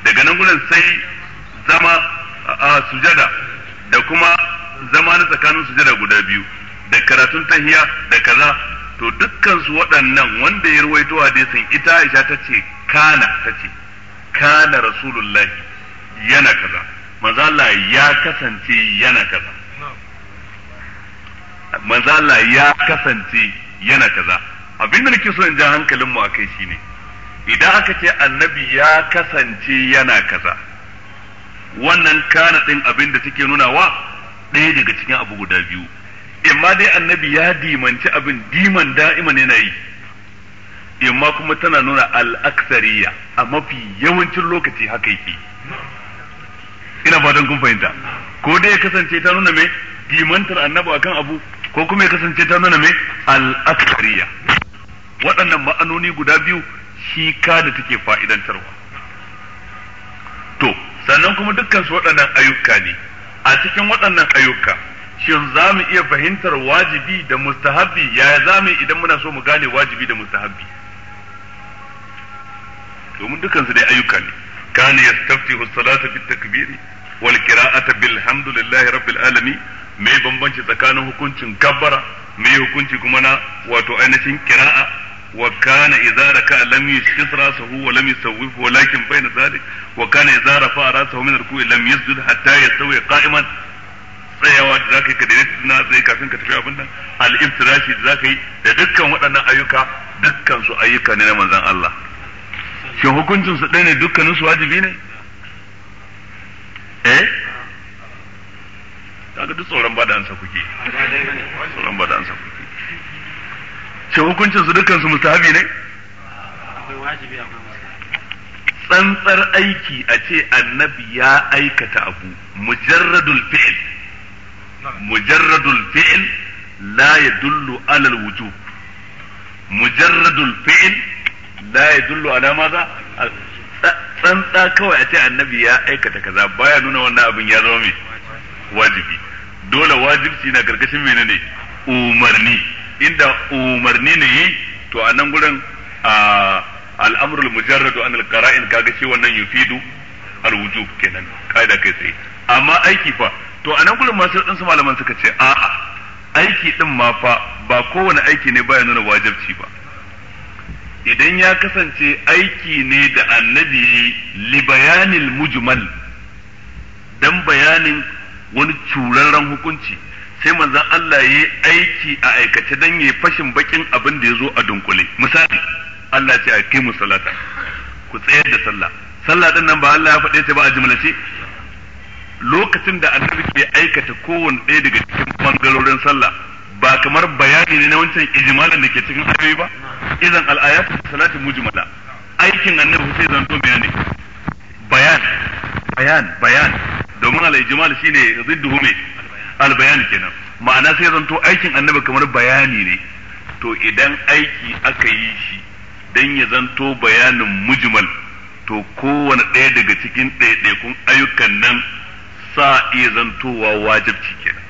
daga nan gurin sai zama a sujada da kuma zama na tsakanin sujada guda biyu da karatun tahiya da kaza to dukkan su waɗannan wanda ya ruwaito hadisin ita Aisha ta ce kana ta ce kana rasulullahi yana kaza manzo ya kasance yana kaza manzo Allah ya kasance yana kaza abinda nake so in ja hankalin mu akai shine idan aka ce annabi ya kasance yana kaza wannan kana din abin da take nunawa ɗaya daga cikin abu guda biyu imma dai annabi ya dimanci abin diman da'iman yana yi imma kuma tana nuna al'aksariya a mafi yawancin lokaci haka yake ina fatan kun fahimta ko dai ya kasance ta nuna mai dimantar annabi akan abu ko kuma ya kasance ta nuna mai al'aksariya waɗannan ma'anoni guda biyu shi ka da take fa'idantarwa to sannan kuma dukkan su waɗannan ayyuka ne a cikin waɗannan ayyuka shin za mu iya fahimtar wajibi da mustahabbi yaya za mu idan muna so mu gane wajibi da mustahabbi domin dukkan su dai ayyuka ne kana yastaftihu salata bit takbir wal qira'ata bil hamdulillahi rabbil alamin me bambanci tsakanin hukuncin kabbara me hukunci kuma na wato ainihin kira'a wa kana idza raka lam yushkis rasahu wa lam yusawwif walakin bayna dhalik wa kana idza rafa rasahu min ruku'i lam yasjud tsayawa da za ka yi ka daidaita suna tsaye kafin ka tafi abin nan al-iftirashi da ka yi da dukkan waɗannan ayyuka dukkan su ayyuka ne na manzon Allah shin hukuncin su ɗaya ne dukkanin su wajibi ne eh kaga duk tsoron ba da ansa kuke tsoron ba da ansa kuke ce hukuncin su dukansu su mustahabi ne tsantsar aiki a ce annabi ya aikata abu mujarradul fi'il mujarradul fi'il la yadullu ala alwujub mujarradul fi'il la yadullu ala maza tsantsa kawai a ce annabi ya aikata kaza baya nuna wannan abin ya zama mai wajibi dole wajibci na karkashin menene umarni inda umarni ne yi to a nan gurin mujarra mujarradu an al kaga shi wannan yufidu al-wujub kenan kaida kai tsaye amma aiki fa to a nan gurin masu din malaman suka ce a'a aiki din ma fa ba kowane aiki ne baya nuna wajibci ba idan ya kasance aiki ne da annabi li bayanil mujmal dan bayanin wani curarren hukunci sai manzan Allah ya yi aiki a aikace don yi fashin bakin abin da ya zo a dunkule misali Allah ce a aqimu salata ku tsayar da sallah sallah din nan ba Allah ya faɗe ce ba a jumlace lokacin da annabi ke aikata kowane ɗaya daga cikin bangarorin sallah ba kamar bayani ne na wancan ijmalan da ke cikin ayoyi ba idan da salatin mu mujmala aikin annabi sai zanto bayani bayan bayan bayan domin al-ijmal shine zidduhu mai albayan kenan ma'ana sai zanto aikin annabi kamar bayani ne to idan aiki aka yi shi dan ya zanto bayanin mujmal to kowane ɗaya daga cikin ɗaiɗaikun ayyukan nan sa iya zantowa wajibci kenan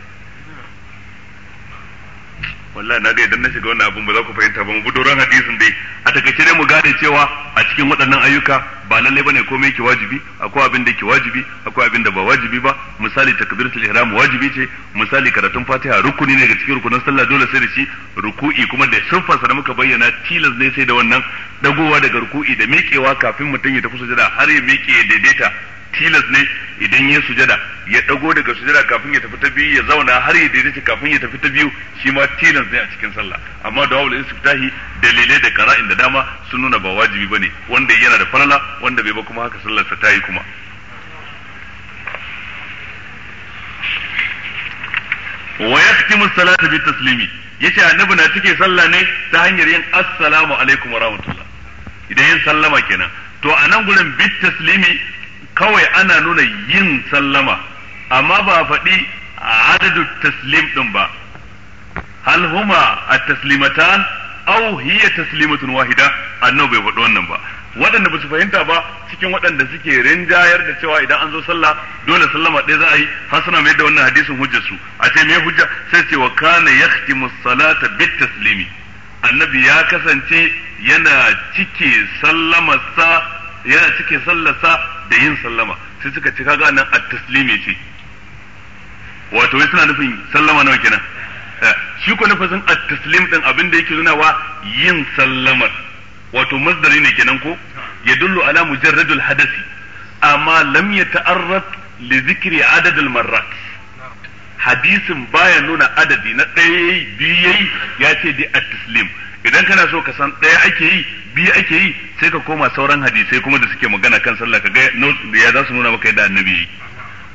wallahi na ga idan na shiga wannan abun ba za ku fahimta ba mu bi doron hadisin dai a takaice dai mu gane cewa a cikin waɗannan ayyuka ba lalle bane komai ke wajibi akwai abin da ke wajibi akwai abin da ba wajibi ba misali takbiratul ihram wajibi ce misali karatun fatiha rukuni ne ga cikin rukunin sallah dole sai da shi ruku'i kuma da sunfansa da muka bayyana tilas ne sai da wannan dagowa daga ruku'i da miƙewa kafin mutum ya tafi sujada har ya miƙe ya daidaita tilas ne idan ya sujada ya dago daga sujada kafin ya tafi ta biyu ya zauna har ya daidaita kafin ya tafi ta biyu shi ma tilas ne a cikin sallah amma da wawul istiftahi dalilai da qara'in da dama sun nuna ba wajibi bane wanda yana da falala wanda bai ba kuma haka sallar sa tayi kuma wa yaktimu salata bi taslimi yace annabi na cike sallah ne ta hanyar yin assalamu alaikum wa rahmatullah idan yin sallama kenan to anan nan gurin bi taslimi kawai ana nuna yin sallama amma ba a faɗi adadin taslim ɗin ba hal huma a taslimatan au hiya taslimatun wahida annabi bai faɗi wannan ba waɗanda ba su fahimta ba cikin waɗanda suke rinjayar da cewa idan an zo sallah dole sallama ɗaya za a yi har suna mai da wannan hadisin hujja su a ce me hujja sai ce wa kana yahtimu salata bit taslimi annabi ya kasance yana cike sallamarsa yana cike sallarsa da yin sallama sai suka ci kaga nan at-taslimi ce wato wai suna nufin sallama nawa kenan eh, shi ko nufin at-taslim din abin da yake nunawa yin sallamar wato masdari ne kenan ko yadullu ala mujarradul hadasi amma lam yata'arrad li zikri adad al-marrat hadisin baya nuna adadi na ɗaya biyu yayi ya ce dai at-taslim idan kana so ka san ɗaya ake yi biyu ake yi sai ka koma sauran hadisai kuma da suke magana kan sallah ka ga ya za su nuna maka yadda annabi yi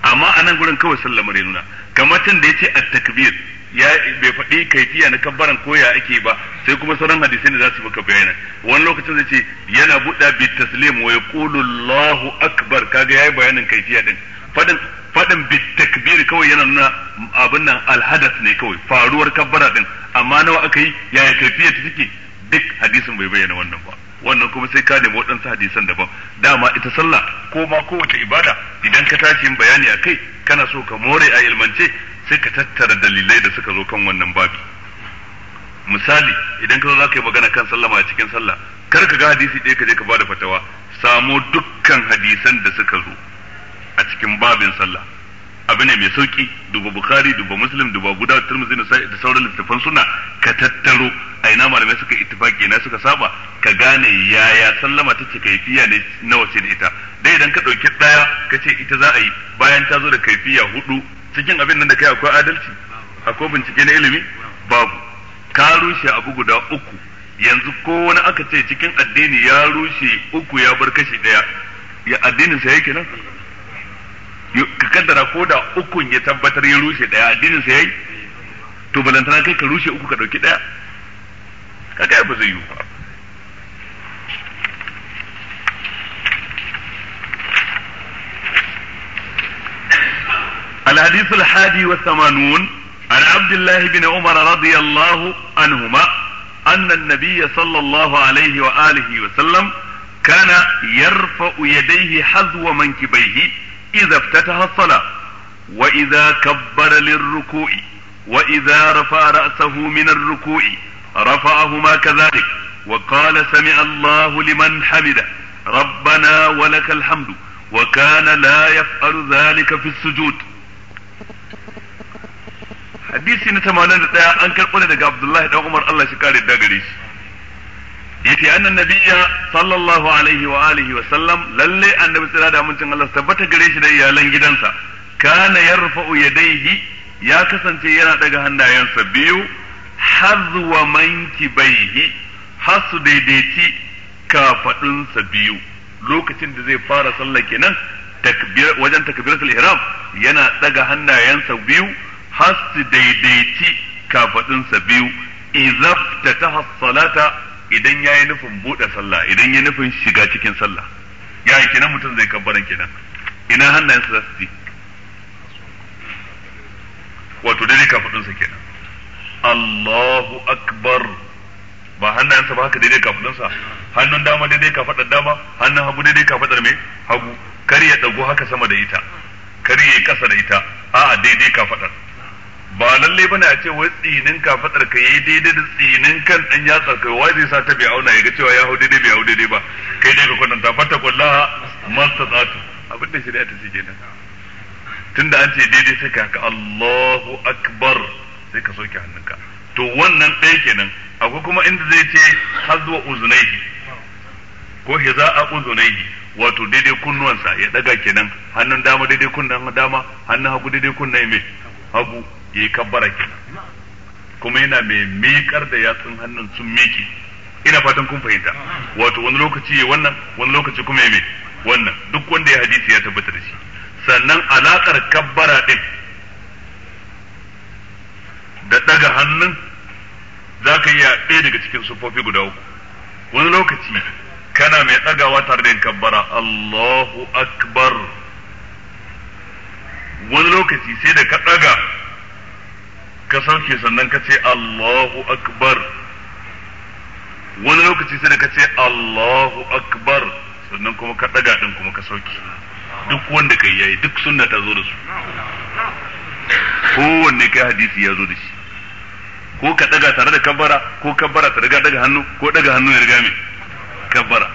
amma a nan gurin kawai sallah mare nuna kamar can da ya ce a takbir ya bai faɗi kaifiya na kabbaran koya ake ba sai kuma sauran hadisai da za su maka bayanan wani lokacin zai ce yana buɗa bi taslim wa ƙulu Allahu akbar kaga yi bayanin kaifiya din faɗin faɗin bi takbir kawai yana nuna abin nan alhadas ne kawai faruwar kabbara din amma nawa aka yi yaya kaifiyar ta take duk hadisin bai bayyana wannan ba wannan kuma sai ka nemi waɗansu hadisan daban dama ita sallah ko ma kowace ibada idan ka tashi yin bayani a kai kana so ka more a ilmance sai ka tattara dalilai da suka zo kan wannan babi misali idan ka zo za ka yi magana kan sallama a cikin sallah kar ka ga hadisi ɗaya ka je ka bada fatawa samo dukkan hadisan da suka zo a cikin babin sallah abu ne mai sauki duba bukari duba muslim duba guda turmuzi da sauran littafan suna ka tattaro a ina malamai suka ittifaki na suka saba ka gane yaya sallama ta ce kaifiya ne nawa ce da ita dai idan ka ɗauki ɗaya ka ce ita za a yi bayan ta zo da kaifiya hudu cikin abin nan da kai akwai adalci akwai bincike na ilimi babu ka rushe abu guda uku yanzu ko wani aka ce cikin addini ya rushe uku ya bar kashi ɗaya ya addinin sa yake nan ka kaddara ko da ukun ya tabbatar ya rushe daya addinin sa yayi to balantana kai ka rushe uku ka dauki daya kaga ba zai yi ba الحديث الحادي والثمانون عن عبد الله بن عمر رضي الله عنهما أن النبي صلى الله عليه وآله وسلم كان يرفع يديه حذو منكبيه إذا افتتح الصلاة وإذا كبر للركوع وإذا رفع رأسه من الركوع رفعهما كذلك وقال سمع الله لمن حمده ربنا ولك الحمد وكان لا يفعل ذلك في السجود حديثي نتمنى أن أنكر karɓo ne الله Abdullahi dan Umar Allah yace annan nabiyya sallallahu alaihi wa alihi wa sallam lalle annabi tsira da amincin Allah tabbata gare shi da iyalan gidansa kana yarfa'u yadayhi ya kasance yana daga hannayensa biyu hazwa baihi hasu daidaiti kafadunsa biyu lokacin da zai fara sallah kenan wajen takbiratul ihram yana daga hannayensa biyu hasu daidaiti kafadunsa biyu idza ta salata idan ya yi nufin buɗe sallah idan ya nufin shiga cikin sallah ya yi kenan mutum zai kabbaran kenan ina hannayensa za su ji wato dai kafaɗinsa kenan Allahu akbar ba hannayensa ba haka daidai kafaɗinsa hannun dama daidai kafaɗar dama hannun hagu daidai kafaɗar mai hagu kar ya ɗago haka sama da ita kar ya yi ƙasa da ita a'a daidai kafaɗar ba lalle bane a ce wai tsinin ka fadar ka yi daidai da tsinin kan dan ya tsarkai wai zai sa ta bi auna ya ga cewa ya hudu dai bi hudu dai ba kai dai ka kwatanta fata ta mastata'tu abin da shari'a ta ce kenan tunda an ce daidai sai ka ka Allahu akbar sai ka soke hannunka to wannan ɗaya kenan akwai kuma inda zai ce hazwa uzunaihi ko a uzunaihi wato daidai kunnuwansa ya daga kenan hannun dama daidai kunnen dama hannun hagu daidai kunnen mai hagu yi kabbara kenan kuma yana mai miƙar da yatsun hannun sun miƙe ina fatan kun fahimta wato wani lokaci ya wannan wani lokaci kuma ya mai wannan duk wanda ya hadisi ya tabbatar da shi sannan alaƙar kabbara ɗin da ɗaga hannun za ka iya ɗaya daga cikin sufofi guda uku wani lokaci kana mai ɗagawa tare da kabbara Allahu Akbar wani lokaci sai da ka ɗaga ka sauke sannan ka ce Allahu akbar wani lokaci sai da ka ce Allahu akbar sannan kuma ka daga din kuma ka sauke duk wanda kai yayi duk sunna ta zo da su kowanne kai hadisi ya zo da shi ko ka daga tare da kabbara ko kabbara ta riga daga hannu ko daga hannu ya riga mai kabbara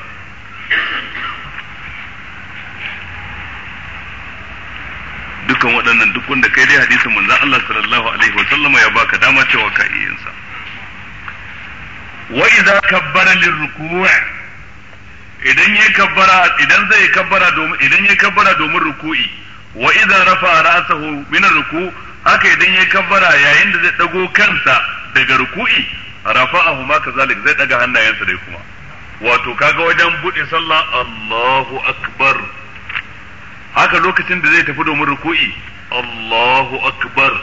dukan waɗannan duk wanda kai dai hadisin manzon Allah sallallahu alaihi wa sallama ya baka dama cewa ka iya yin sa wa idza kabbara lirruku' idan yayi kabbara idan zai kabbara domin idan yayi kabbara domin ruku'i wa idza rafa ra'sahu min ruku' haka idan yayi kabbara yayin da zai dago kansa daga ruku'i rafa'ahu ma kazalik zai daga hannayensa dai kuma wato kaga wajen bude sallah Allahu akbar haka lokacin da zai tafi domin ruku'i Allahu akbar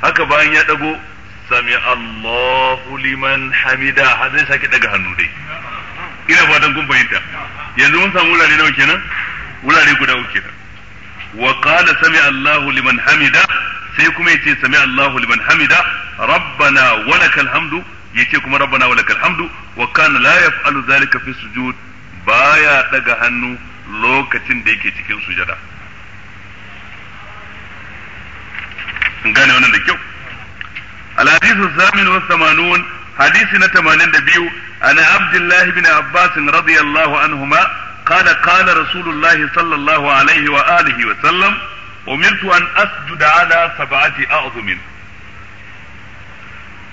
haka bayan ya dago sami Allahu liman hamida har zai sake daga hannu dai ina fatan kun fahimta yanzu mun samu wurare nawa kenan wurare guda uku kenan wa qala sami Allahu liman hamida sai kuma yace sami Allahu liman hamida rabbana walakal hamdu yace kuma rabbana walakal hamdu wa kana la yaf'alu dhalika fi sujud baya daga hannu lokacin da yake cikin sujada in gane wannan da kyau الحديث الثامن والثمانون حديث نتمانين دبيو عن عبد الله بن عباس رضي الله عنهما قال قال رسول الله صلى الله عليه وآله وسلم أمرت أن أسجد على سبعة أعظم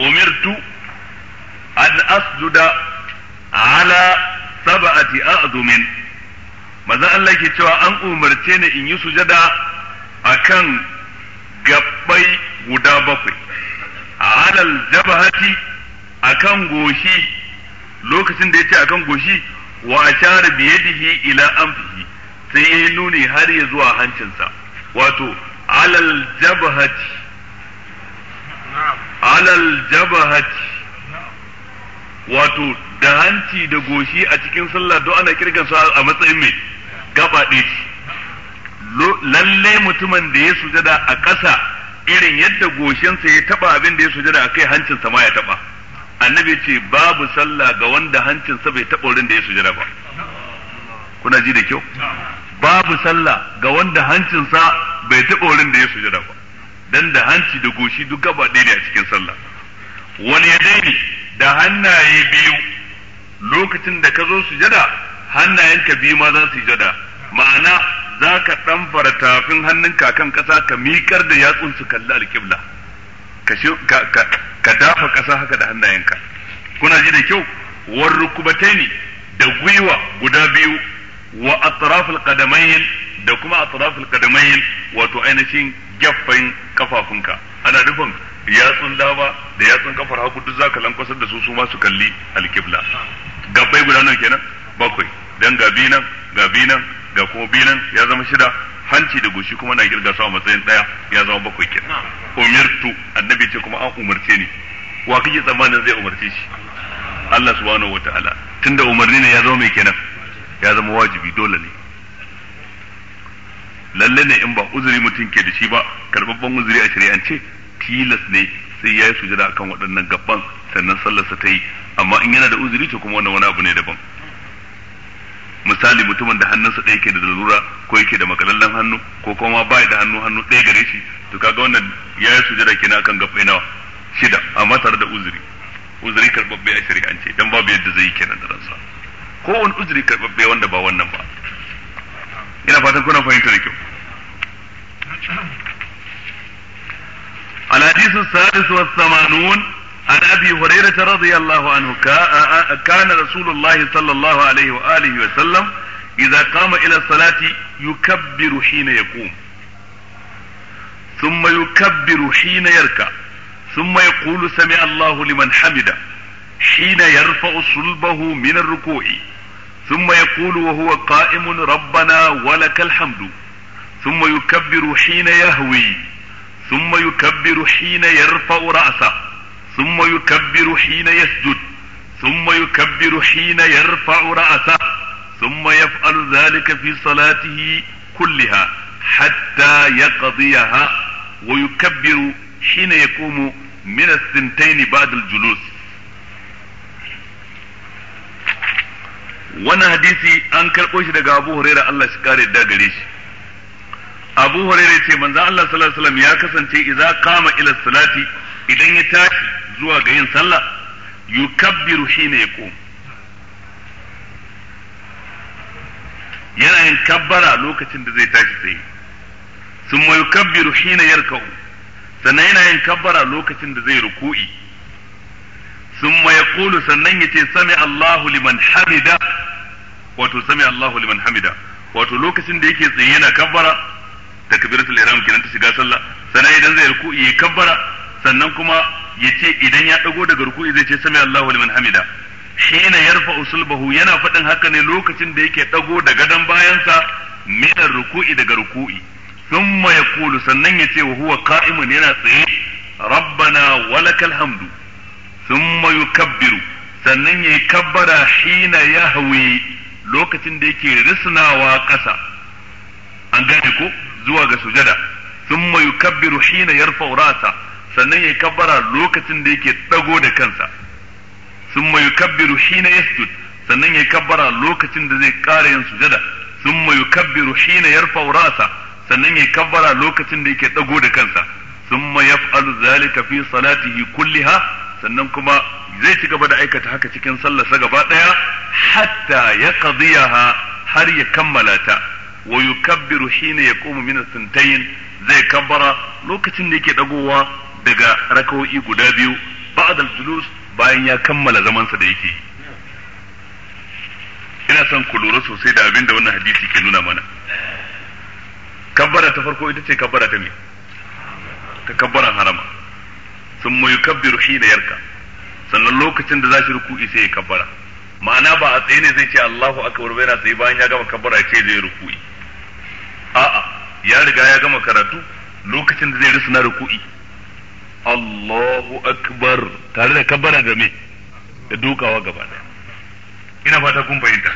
أمرت أن أسجد على سبعة أعظم manzo Allah ke cewa an umarce ni in yi sujada akan gabbai guda bakwai a adal jabahati akan goshi lokacin da yace akan goshi wa ashara bi yadihi ila anfihi sai ya nuni har ya zuwa hancinsa wato alal jabahati alal jabahati wato da hanci da goshi a cikin sallah don ana kirgansa su a matsayin mai gaba shi lalle mutumin da ya sujada a ƙasa irin yadda goshinsa ya taba abin da ya sujada a kai hancinsa ma ya taba annabi ce babu sallah ga wanda hancinsa bai taba wurin da ya sujada ba kuna ji da kyau babu sallah ga wanda hancinsa bai taba wurin da ya sujada ba dan da hanci da goshi duk gaba ɗaya ne a cikin sallah wani yadaini da hannaye biyu lokacin da ka zo sujada hannayenka biyu ma za su yi jada ma'ana za ka ɗanfara tafin hannun kakan ƙasa ka miƙar da yatsun su kalli alƙibla ka dafa ƙasa haka da hannayenka kuna ji da kyau war rukubatai ne da gwiwa guda biyu wa atrafil qadamayn da kuma atrafil qadamayn wato ainihin gyaffan kafafunka ana nufin yatsun dama da yatsun kafar hagu duk zaka lankwasar da su su ma su kalli alƙibla gabbai guda nan kenan bakwai dan ga binan ga binan ga kuma binan ya zama shida hanci da gushi kuma na girga su matsayin daya ya zama bakwai kenan umirtu annabi ce kuma an umarce ni wa kake tsammanin zai umarce shi Allah subhanahu wataala tunda umarni ne ya zama mai kenan ya zama wajibi dole ne lalle ne in ba uzuri mutum ke da shi ba karbabban uzuri a ce tilas ne sai ya yi sujada akan waɗannan gaban sannan sallarsa ta yi amma in yana da uzuri to kuma wannan wani abu ne daban misali mutumin da hannunsa ɗaya ke da lalura ko yake da makalallen hannu ko kuma ba da hannu hannu ɗaya gare shi to kaga wannan ya yi sujada kenan akan gaɓɓai nawa shida amma tare da uzuri uzuri karɓaɓɓe a shari'ance dan babu yadda zai yi kenan da ransa ko wani uzuri karɓaɓɓe wanda ba wannan ba ina fatan kuna fahimta da kyau الحديث السادس والثمانون عن ابي هريره رضي الله عنه كان رسول الله صلى الله عليه واله وسلم اذا قام الى الصلاه يكبر حين يقوم ثم يكبر حين يركع ثم يقول سمع الله لمن حمده حين يرفع صلبه من الركوع ثم يقول وهو قائم ربنا ولك الحمد ثم يكبر حين يهوي ثم يكبر حين يرفع رأسه ثم يكبر حين يسجد ثم يكبر حين يرفع رأسه ثم يفعل ذلك في صلاته كلها حتى يقضيها ويكبر حين يقوم من الثنتين بعد الجلوس wani hadisi an karɓo shi daga abu huraira Allah shi kare da shi abu huraira ce manza Allah sallallahu ya kasance idza qama ila salati idan ya tashi zuwa ga yin sallah yukabbiru hina yaqum yana yin kabbara lokacin da zai tashi sai sun mai kabbiru ya yarka'u sannan yana yin kabbara lokacin da zai ruku'i sun mai kulu sannan ya ce sami Allahu liman hamida wato sami Allahu liman hamida wato lokacin da yake tsaye yana kabbara takbiratul ihram kenan ta shiga sallah sannan idan zai ruku'i ya kabbara sannan kuma yace idan ya dago daga ruku'i zai ce sami Allahu liman hamida shi hina yarfa usulbahu yana faɗin haka ne lokacin da yake dago da gadon bayansa minar ruku'i daga ruku'i thumma yaqulu sannan yace wa huwa qa'imun yana tsaye rabbana walakal hamdu thumma yukabbiru sannan yayi kabbara hina yahwi lokacin da yake risnawa ƙasa an gane ko zuwa ga sujada thumma yukabbiru hina yarfa rasa sannan ya kabbara lokacin da yake dago da kansa summa yukabbiru na yasjud sannan ya kabbara lokacin da zai ƙara yin sujada summa yukabbiru na yarfa'u ra'sa sannan ya kabbara lokacin da yake dago da kansa summa yaf'alu zalika fi salatihi kulliha sannan kuma zai ci gaba da aikata haka cikin sallarsa gaba daya hatta ya qadiyaha har ya kammala ta wa yukabbiru ya koma min as-suntayn zai kabbara lokacin da yake dagowa daga rakawo'i guda biyu a julus bayan ya kammala zamansa da yake ina son ku lura sosai da abin da wannan hadisi ke nuna mana kabbara ta farko ita ce kabbara ta me ta kabbaran harama sun mu yukabbiru da yarka sannan lokacin da za shi ruku'i sai ya kabbara ma'ana ba a tsaye ne zai ce Allahu akbar bai na tsaye bayan ya gama kabbara ya ce zai ruku'i a'a ya riga ya gama karatu lokacin da zai na ruku'i Allahu akbar tare da kabbara da me da dukawa gaba daya ina fata kun fahimta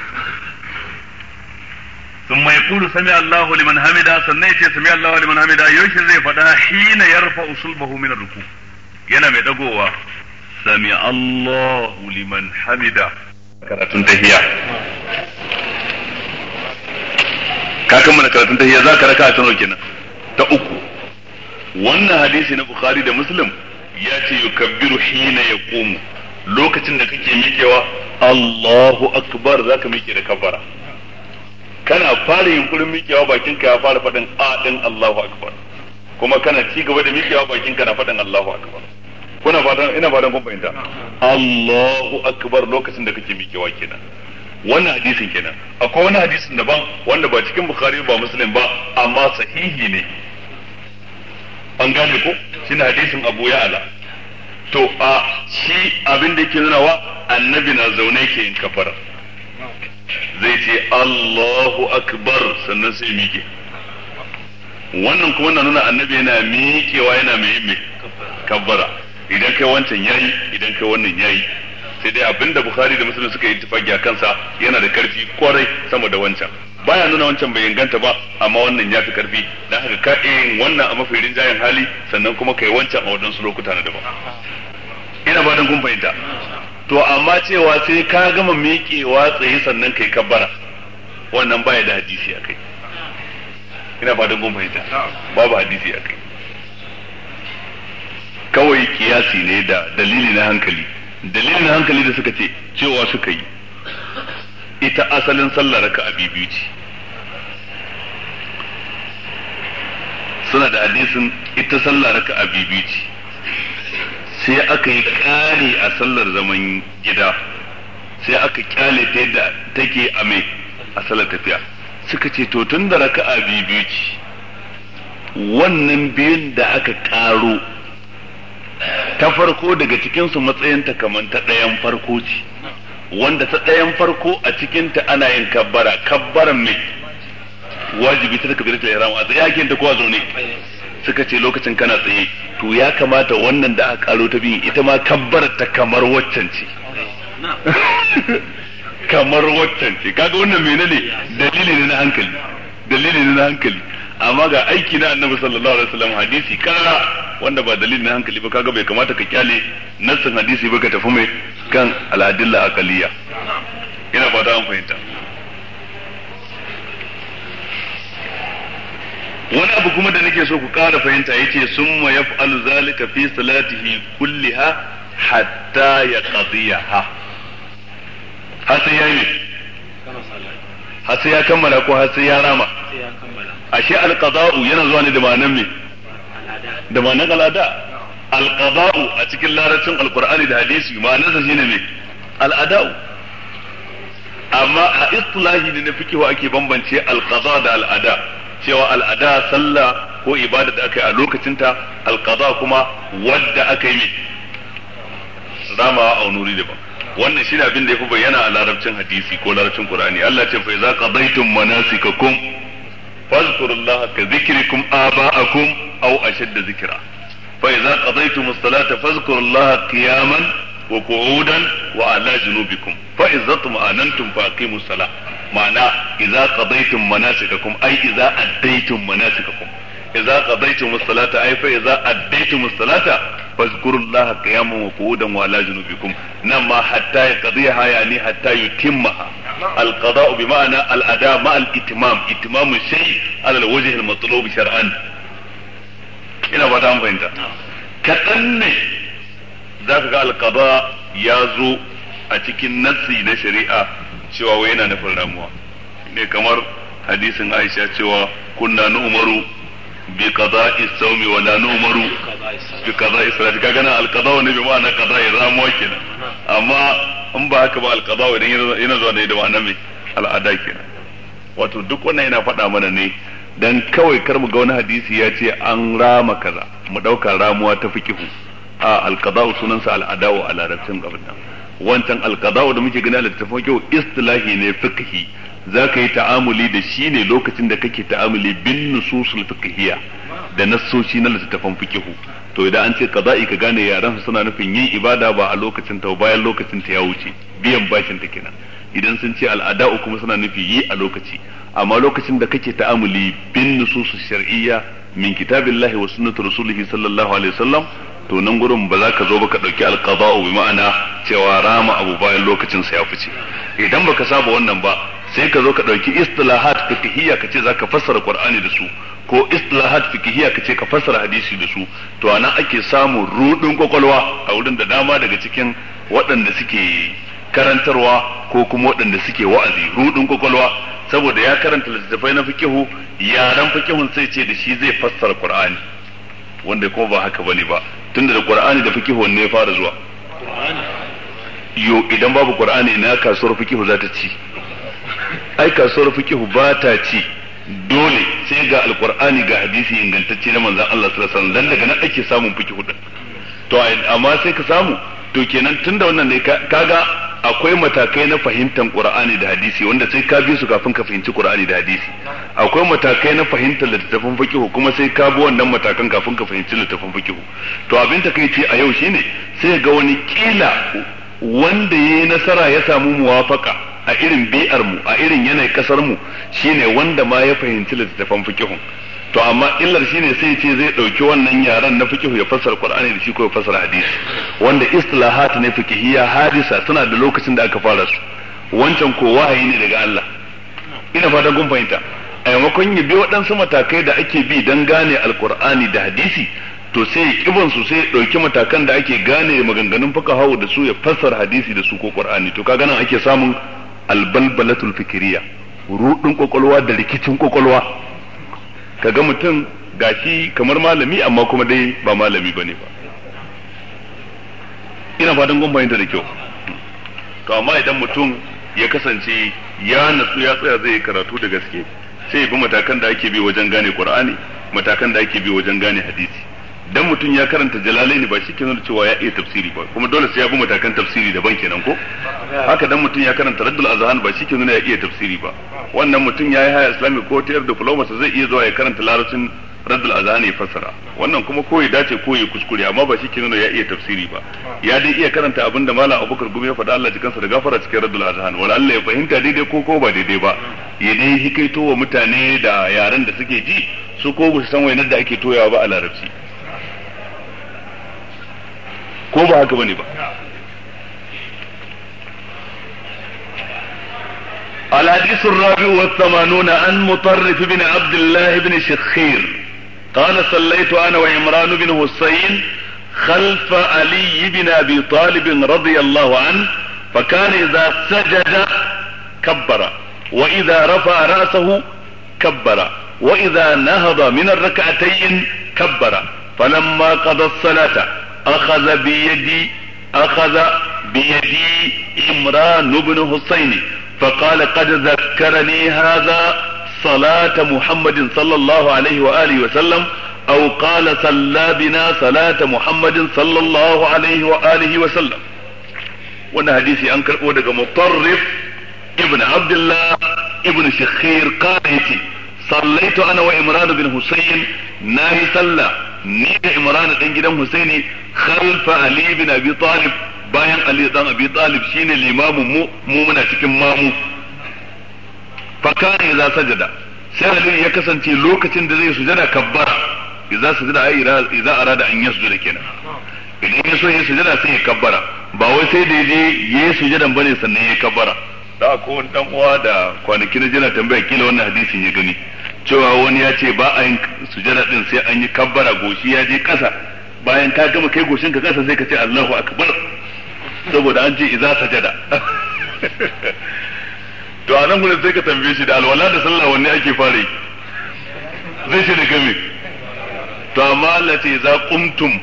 ثم يقول سمع الله liman hamida sannan yace sami Allahu liman hamida yaushe zai faɗa hina yarfa sulbahu min ruku yana mai ɗagowa sami Allahu liman hamida karatun tahiyya ka kammala karatun tahiyya za ka raka ta nawa kenan ta uku wannan hadisi na bukhari da muslim ya ce yukabbiru hina yaqumu lokacin da kake mikewa Allahu akbar za ka mike da kabbara kana fara yunkurin mikewa bakinka ya fara faɗin adin Allahu akbar kuma kana ci gaba da mikewa bakinka na faɗin Allahu akbar kuna fatan ina fatan kun fahimta Allahu akbar lokacin da kake mikewa kenan wannan hadisin kenan akwai wani hadisin daban wanda ba cikin bukhari ba muslim ba amma sahihi ne an gane ko shine hadisin Abu ala to a shi abin da yake wa annabi na zaune ke yin kafara zai ce Allahu akbar sannan sai miƙe wannan kuma na nuna annabi yana miƙewa yana mai mai kabbara idan kai wancan yayi idan kai wannan yayi sai dai abinda Bukhari da Muslim suka yi tafaki a kansa yana da karfi kwarai sama da wancan baya nuna wancan bai inganta ba amma wannan ya fi karfi da haka ka in wannan a mafi rinjayen hali sannan kuma kai wancan a wadansu lokuta na daban ina ba don kun fahimta to amma cewa sai ka gama miƙewa tsaye sannan kai kabbara wannan baya da hadisi a kai ina don kun fahimta babu hadisi a kai kawai kiyasi ne da dalili na hankali dalili na hankali da suka ce cewa suka yi ita asalin sallah a biyu ce suna da hadisin ita sallah a biyu ce sai aka yi kare a sallar zaman gida sai aka kyale ta yadda take a mai a sallar tafiya suka ce to tun da a biyu ce wannan biyun da aka karo ta farko daga cikinsu matsayinta kamar ta ɗayan farko ce wanda ta ɗayan farko a cikin ta ana yin kabbara kabbaran me wajibi ta ta ihram a tsaye ake ta ko a zaune suka ce lokacin kana tsaye to ya kamata wannan da aka karo ta biyu ita ma kabbar ta kamar waccan ce kamar waccan ce kaga wannan menene dalili ne na hankali dalili ne na hankali amma ga aiki na annabi sallallahu alaihi wasallam hadisi kara wanda ba dalilin hankali ba kaga bai kamata ka kyale nassin hadisi ba ka tafi mai kan al'adilla akaliya ina fata an fahimta wani abu kuma da nake so ku kara fahimta yace summa yaf'alu zalika fi salatihi kulliha hatta yaqdiyaha har sai yayi har sai ya kammala ko har ya rama ashe alqada'u yana zuwa ne da manan me da manan al'ada alqada'u a cikin larabcin alqur'ani da hadisi ma'anarsa shine ne al'ada'u amma a istilahi ne na fikihu ake bambance alqada da al'ada cewa al'ada sallah ko ibada da aka yi a lokacinta alqada kuma wadda aka yi ramawa a nuri ba wannan shine abin da yafi bayyana a larabcin hadisi ko larabcin qur'ani Allah ce fa iza qadaytum manasikakum fadhkurullaha ka dhikrikum aba'akum aw ashadda dhikra فإذا قضيتم الصلاة فاذكروا الله قياما وقعودا وعلى جنوبكم فإذا اطمأننتم فأقيموا الصلاة معنى إذا قضيتم مناسككم أي إذا أديتم مناسككم إذا قضيتم الصلاة أي فإذا أديتم الصلاة فاذكروا الله قياما وقعودا وعلى جنوبكم نما حتى يقضيها يعني حتى يتمها القضاء بمعنى الأداء مع الإتمام إتمام الشيء على الوجه المطلوب شرعا ina ba ta an fahimta kaɗan ne za ka ga alƙaba ya zo a cikin nassi na shari'a cewa wai yana nufin ramuwa ne kamar hadisin aisha cewa kunna na umaru bi kaza isaumi wala na umaru bi kaza israfi ka gana alƙaba wani bi ma'ana kaza ya ramuwa kenan amma in ba haka ba alƙaba idan yana zuwa da ma'ana mai al'ada kenan wato duk wannan yana faɗa mana ne dan kawai kar mu ga wani hadisi ya ce an rama kaza mu dauka ramuwa ta fikihu a alqada'u sunansa al'adawu a larabcin gaban wancan alqada'u da muke gani a littafin fiqihu istilahi ne fiqhi zaka yi ta'amuli da shi ne lokacin da kake ta'amuli bin nususul fiqhiyya da nassoshi na littafin fikihu to idan an ce qada'i ka gane yaran suna nufin yin ibada ba a lokacin ta bayan lokacin ta ya wuce biyan bashin ta kenan idan sun ce al'ada'u kuma suna nufi yi a lokaci amma lokacin da kake ta'amuli bin nususu shar'iyya min kitabillahi wa sunnati rasulihi sallallahu alaihi wasallam to nan gurin ba za ka zo ba ka dauki alqada'u bi ma'ana cewa rama abu bayan lokacin sa ya fice idan baka saba wannan ba sai ka zo ka dauki istilahat fiqhiyya ka ce zaka fassara qur'ani da su ko istilahat fiqhiyya ka ce ka fassara hadisi da su to anan ake samun rudin kwakwalwa a wurin da dama daga cikin waɗanda suke karantarwa ko kuma waɗanda suke wa'azi rudin kwakwalwa saboda ya karanta littattafai na fikihu yaran fikihun sai ce da shi zai fassara qur'ani wanda kuma ba haka bane ba tunda da qur'ani da fikihu wanne ya fara zuwa yo idan babu qur'ani ina kasuwar fikihu za ta ci ai kasuwar fikihu ba ta ci dole sai ga alqur'ani ga hadisi ingantacce na manzon Allah sallallahu alaihi wasallam dan daga nan ake samun fikihu din to amma sai ka samu to kenan tun da wannan ne kaga akwai matakai na fahimtar qur'ani da hadisi wanda sai ka bi su kafin ka fahimci qur'ani da hadisi akwai matakai na fahimtar littattafan fiqh kuma sai ka bi wannan matakan kafin ka fahimci littattafan fiqh to abin ta kai ce a yau shine sai ga wani kila wanda yayi nasara ya samu muwafaka a irin bi'ar mu a irin yanayin kasar mu shine wanda ma ya fahimci littattafan fiqh to amma illar shine sai ce zai dauki wannan yaran na fiqh ya fassara Qur'ani da shi ko ya fassara hadisi wanda istilahat ne fiqhiyya hadisa suna da lokacin da aka fara su wancan ko wahayi ne daga Allah ina fata kun fahimta a yamakon ya bi waɗansu matakai da ake bi don gane alkur'ani da hadisi to sai ya kiban su sai ya ɗauki matakan da ake gane maganganun fuqaha'u da su ya fassara hadisi da su ko qur'ani to kaga nan ake samun albalbalatul fikiriya rudin kokolwa da rikicin kwakwalwa Ka ga mutum gashi kamar malami amma kuma dai ba malami bane ba ina fatan kun fahimta da kyau to amma idan mutum ya kasance ya natsu ya tsaya zai karatu da gaske sai bi matakan da ake bi wajen gane qur'ani matakan da ake bi wajen gane hadisi dan mutum ya karanta jalalaini ba shi ke nuna cewa ya iya tafsiri ba kuma dole sai ya bi matakan tafsiri daban kenan ko haka dan mutum ya karanta raddul azhan ba shi ke nuna ya iya tafsiri ba wannan mutum ya yi haya islamic ko ta diploma zai iya zuwa ya karanta larabcin raddul azhan ya fassara wannan kuma ko ya dace ko ya kuskure amma ba shi ke nuna ya iya tafsiri ba ya dai iya karanta abin da malam abubakar gumi ya faɗa Allah sa da gafara cikin raddul azhan wala Allah ya fahimta daidai ko ko ba daidai ba ya dai hikaito wa mutane da yaran da suke ji su ko ba su san wainar da ake toyawa ba a larabci ko ba haka bane ba الحديث الرابع والثمانون عن مطرف بن عبد الله بن شخير قال صليت انا وعمران بن حسين خلف علي بن ابي طالب رضي الله عنه فكان اذا سجد كبر واذا رفع راسه كبر واذا نهض من الركعتين كبر فلما قضى الصلاه أخذ بيدي أخذ بيدي إمران بن حسين فقال قد ذكرني هذا صلاة محمد صلى الله عليه وآله وسلم أو قال صلى بنا صلاة محمد صلى الله عليه وآله وسلم وانا حديثي أنكر أودك مطرف ابن عبد الله ابن شخير قال صليت أنا وإمران بن حسين na yi sallah ni da imran dan gidan husaini khalfa ali bin abi talib bayan ali dan abi talib shine limamu mu mu muna cikin mamu fa kana idza sajada sai ali ya kasance lokacin da zai sujada kabbara idza sujada ai idza arada an yasjuda kenan idan ya so ya sujada sai ya kabbara ba wai sai da je ya sujada bane sannan ya kabbara da ko dan uwa da kwanaki na jira tambaya kila wannan hadisin ya gani cewa wani ya ce ba a yin sujada din sai an yi kabbara goshi ya je kasa bayan ka gama kai goshin ka kasa sai ka ce Allahu akbar saboda an ce idza sajada to a nan gurin sai ka tambaye shi da alwala da sallah wanne ake fara yi zai shi da gami to amma Allah ce za qumtum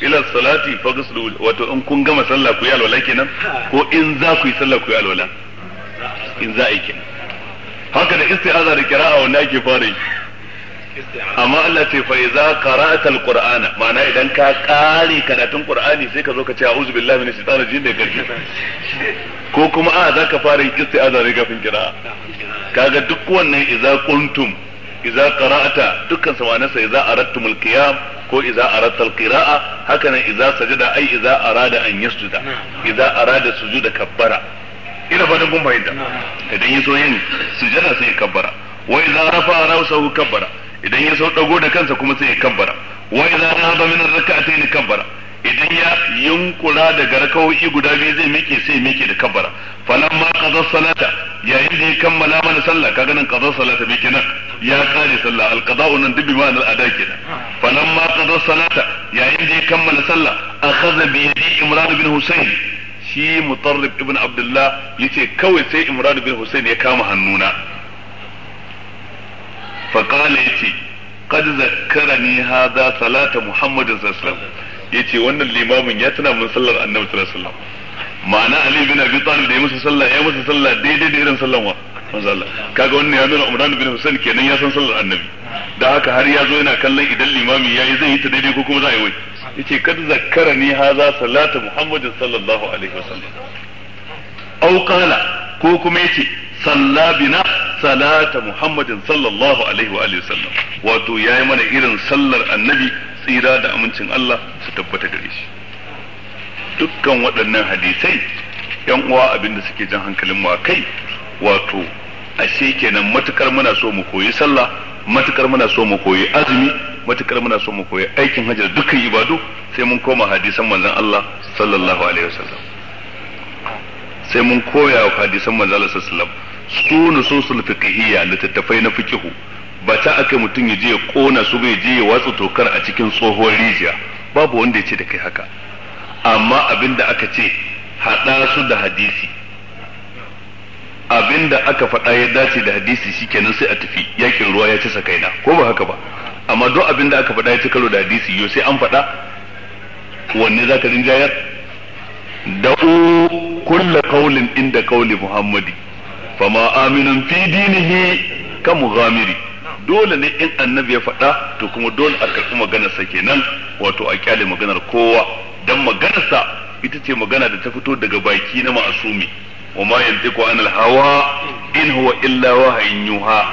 ila salati faghsulu wato in kun gama sallah ku yi alwala kenan ko in za ku yi sallah ku yi alwala in za a yi kenan haka da isti'aza da qira'a wanda ake fara yi amma Allah ce fa iza qara'ta alqur'ana ma'ana idan ka kare karatun qur'ani sai ka zo ka ce a'udhu billahi minash shaitanir rajim da garki ko kuma a zaka fara yin isti'aza ne kafin qira'a kaga duk wannan iza quntum iza qara'ta dukkan samanan sa iza aradtumul qiyam ko iza aradta alqira'a haka nan iza sajada ai iza arada an yasjuda iza arada sujuda kabbara ina fatan kun fahimta idan ya so yin sujada sai ya kabbara wa idza rafa ra'sahu kabbara idan ya dago da kansa kuma sai ya kabbara wa idza nada min ar-rak'atayn kabbara idan ya yunkura daga rakawoyi guda biyu zai miƙe sai miƙe da kabbara ma qada salata yayin da ya kammala mana sallah kaga nan qada salata bi kenan ya kare sallah alqada'u nan dubi ma'anar ada kenan ma qada salata yayin da ya kammala sallah akhadha bi yadi imran bin husayn shi mutarrib ibn abdullah yace kawai sai imran bin husayn ya kama hannuna fa qala yace qad zakkarani hadha salata muhammad sallallahu alaihi wasallam yace wannan limamin ya tana mun sallar annabi sallallahu alaihi wasallam ma'ana ali bin abi talib da ya musu sallah ya musu sallah daidai da irin sallan wa manzo Allah kaga wannan ya nuna Umran bin Hussein kenan ya san sallar annabi da haka har ya zo yana kallon idan limami yayi zai yi ta daidai ko kuma za a yi wai yace kad zakkarani haza salatu muhammadin sallallahu alaihi wasallam aw qala ko kuma yace salla bina salata muhammadin sallallahu alaihi wa alihi wasallam wato yayi mana irin sallar annabi tsira da amincin Allah su tabbata gare shi dukkan waɗannan hadisai yan uwa abinda suke jan hankalin mu akai wato ashe kenan matukar muna so mu koyi sallah matukar muna so mu koyi azumi matukar muna so mu koyi aikin hajji da dukkan ibadu sai mun koma hadisan manzon Allah sallallahu alaihi wasallam sai mun koya wa hadisan manzon Allah sallallahu alaihi wasallam su nususul fiqhiyya littattafai na fiqhu ba ta aka mutum ya je ya kona su bai je ya watsa tokar a cikin tsohon rijiya babu wanda ya ce da kai haka amma abinda aka ce haɗa su da hadisi abinda aka faɗa ya dace da hadisi shi kenan sai a tafi yakin ruwa ya ci sakaina ko ba haka ba amma duk abin da aka faɗa ya ci karo da hadisi yau sai an faɗa wanne za ka rinjayar da'u kulla kaulin inda kauli muhammadi ma aminun fi dinihi ka mughamiri dole ne in annabi ya faɗa to kuma dole a karɓi maganarsa kenan wato a kyale maganar kowa dan maganarsa ita ce magana da ta fito daga baki na ma'asumi wa ma yantiqu anil hawa in huwa illa wahayin yuha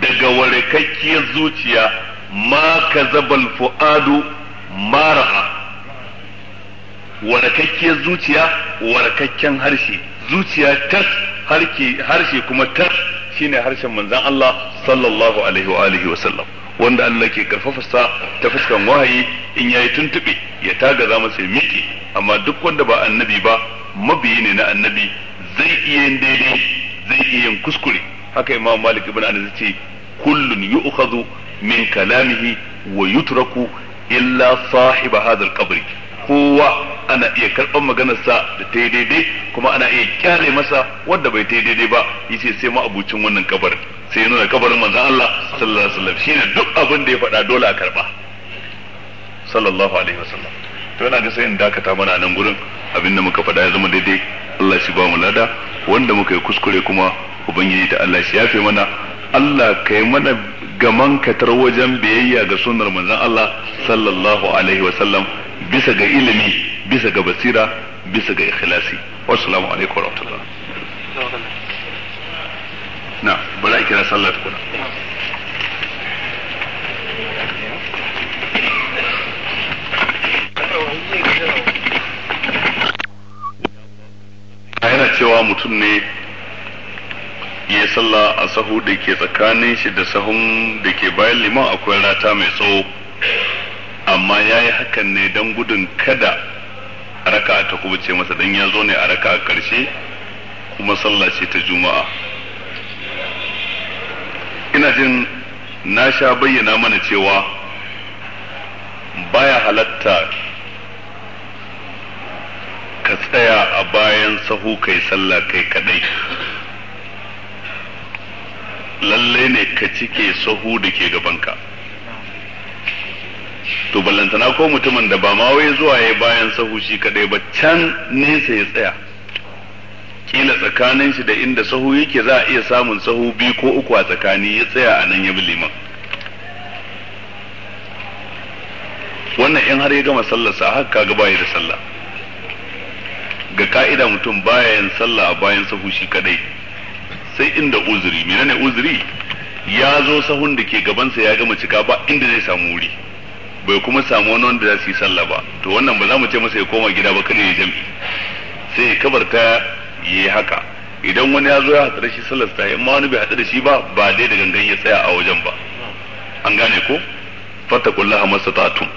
daga warkakkiyar zuciya ma kazabal fu'adu ma ra'a warakakkiyar zuciya warakakken harshe zuciya tas harshe kuma tas shine harshen manzon Allah sallallahu alaihi wa alihi wa sallam wanda Allah ke karfafa sa ta fuskan wahayi in yayi tuntube ya taga za masa miki amma duk wanda ba annabi ba mabiyi ne na annabi zai iya yin daidai zai iya yin kuskure haka imam malik ibn anas ce kullun yu'khadhu min kalamihi wa yutraku illa sahib hadha al kowa ana iya karɓar maganarsa da ta yi daidai kuma ana iya kyale masa wanda bai ta yi daidai ba yace sai ma abucin wannan kabarin sai ya nuna kabarin manzon Allah sallallahu alaihi wasallam shine duk abin da ya faɗa dole a karba sallallahu alaihi wasallam to yana ga sai in dakata mana nan gurin abinda muka faɗa ya zama daidai Allah shi ba mu lada wanda muka yi kuskure kuma ubangiji ta Allah shi yafe mana Allah kai mana ga mankatar wajen biyayya ga sunnar manzon Allah sallallahu alaihi wa sallam bisa ga ilimi bisa ga basira bisa ga ikhlasi wassalamu alaikum warahmatullah na bari kira sallah kuna yana cewa mutum ne ya sallah a sahu da ke tsakanin shi da sahun da ke bayan liman akwai rata mai tsawo amma ya yi hakan ne don gudun kada a raka ta kubuce masa don ya zo ne a raka a ƙarshe kuma sallah ce ta juma'a ina jin na sha bayyana mana cewa baya halatta ka tsaya a bayan sahu kai sallah kai kadai lalle ne ka cike sahu da ke gabanka to ballantana ko mutumin da ba ma wai zuwa yayi bayan sahu shi kadai ba can nesa ya tsaya kila tsakanin shi da inda sahu yake za a iya samun sahu biyu ko uku a tsakani ya tsaya a nan ya bi liman wannan in har ya gama sallarsa haka kaga baya da sallah ga ka'ida mutum baya yin sallah a bayan sahu shi kadai sai inda uzuri menene uzuri ya zo sahun da ke gabansa ya gama cika ba inda zai samu wuri bai kuma samu wani wanda za su yi sallah ba to wannan ba za mu ce masa ya koma gida ba kada ya jami sai ya kabarta ya yi haka idan wani ya zo ya hatsari shi sallar ta in wani bai haɗu da shi ba ba dai da gangan ya tsaya a wajen ba an gane ko masa tatun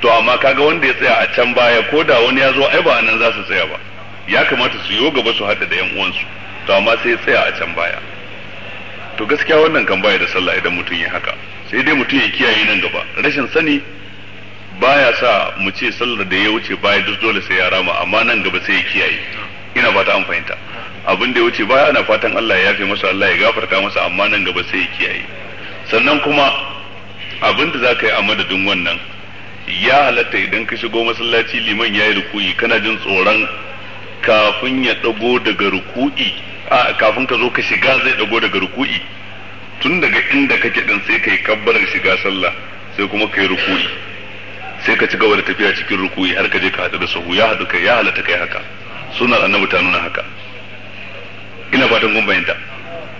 to amma kaga wanda ya tsaya a can baya ko da wani ya zo ai ba nan za su tsaya ba ya kamata su yo gaba su haɗa da yan uwansu to amma sai tsaya a can baya to gaskiya wannan kan baya da sallah idan mutum ya haka sai dai mutum ya kiyaye nan gaba rashin sani baya sa mu ce sallar da ya wuce baya duk dole sai ya rama amma nan gaba sai ya kiyaye ina fata an fahimta abin da ya wuce baya ana fatan Allah ya yafe masa Allah ya gafarta masa amma nan gaba sai ya kiyaye sannan kuma abin da za ka yi a madadin wannan ya halatta idan ka shigo masallaci liman ya yi ruku'i kana jin tsoron kafin ya ɗago daga ruku'i kafin ka zo ka shiga zai dago daga ruku'i tun daga inda kake din sai kai kabbalar shiga sallah sai kuma kai ruku'i sai ka ci gaba da tafiya cikin ruku'i har ka je ka hadu da sahu ya hadu kai ya halatta kai haka sunan annabi ta nuna haka ina fatan kun bayyana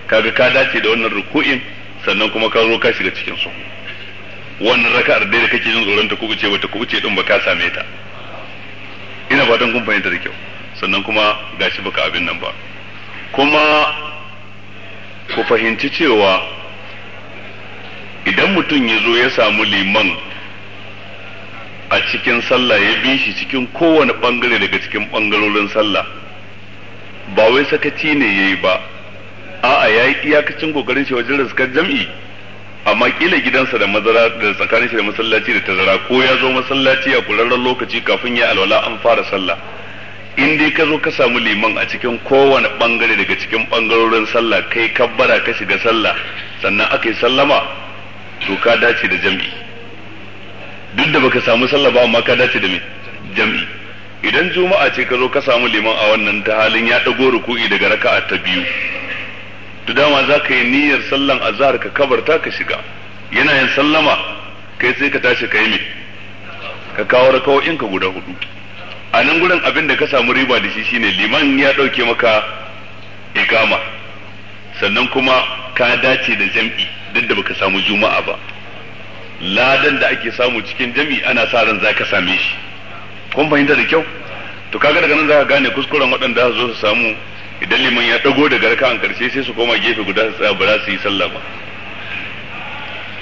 kaga ka dace da wannan ruku'in sannan kuma ka zo ka shiga cikin su wannan raka'ar dai da kake jin tsoron ta kubuce wata kubuce din ba ka same ta ina fatan kun fahimta da kyau sannan kuma gashi baka abin nan ba kuma ku fahimci cewa idan mutum ya zo ya samu liman a cikin sallah ya bi shi cikin kowane bangare daga cikin bangarorin sallah ba wai sakaci ne ya yi ba a'a ya yi iyakacin kokarin shi wajen raskar jam'i amma kila gidansa da mazara da tsakanin shi da masallaci da tazara ko ya zo masallaci a kurarren lokaci kafin ya alwala an fara sallah in dai ka zo ka samu liman a cikin kowane bangare daga cikin bangarorin sallah kai kabbara ka shiga sallah sannan aka yi sallama to ka dace da jam'i duk da baka samu sallah ba amma ka dace da me jam'i idan juma'a ce ka zo ka samu liman a wannan ta halin ya dago ruku'i daga raka'a ta biyu to dama za ka yi niyyar sallan azhar ka kabarta ka shiga yana yin sallama kai sai ka tashi ka yi me ka kawo rakawo'in ka guda hudu a nan gurin abin da ka samu riba da shi shine liman ya ɗauke maka ikama sannan kuma ka dace da jam'i duk da baka samu juma'a ba ladan da ake samu cikin jam'i ana sa ran za ka same shi kun fahimta da kyau to kaga daga nan za ka gane kuskuren waɗanda za su samu idan liman ya ɗago daga an karshe sai su koma gefe guda su tsaya ba za su yi sallah ba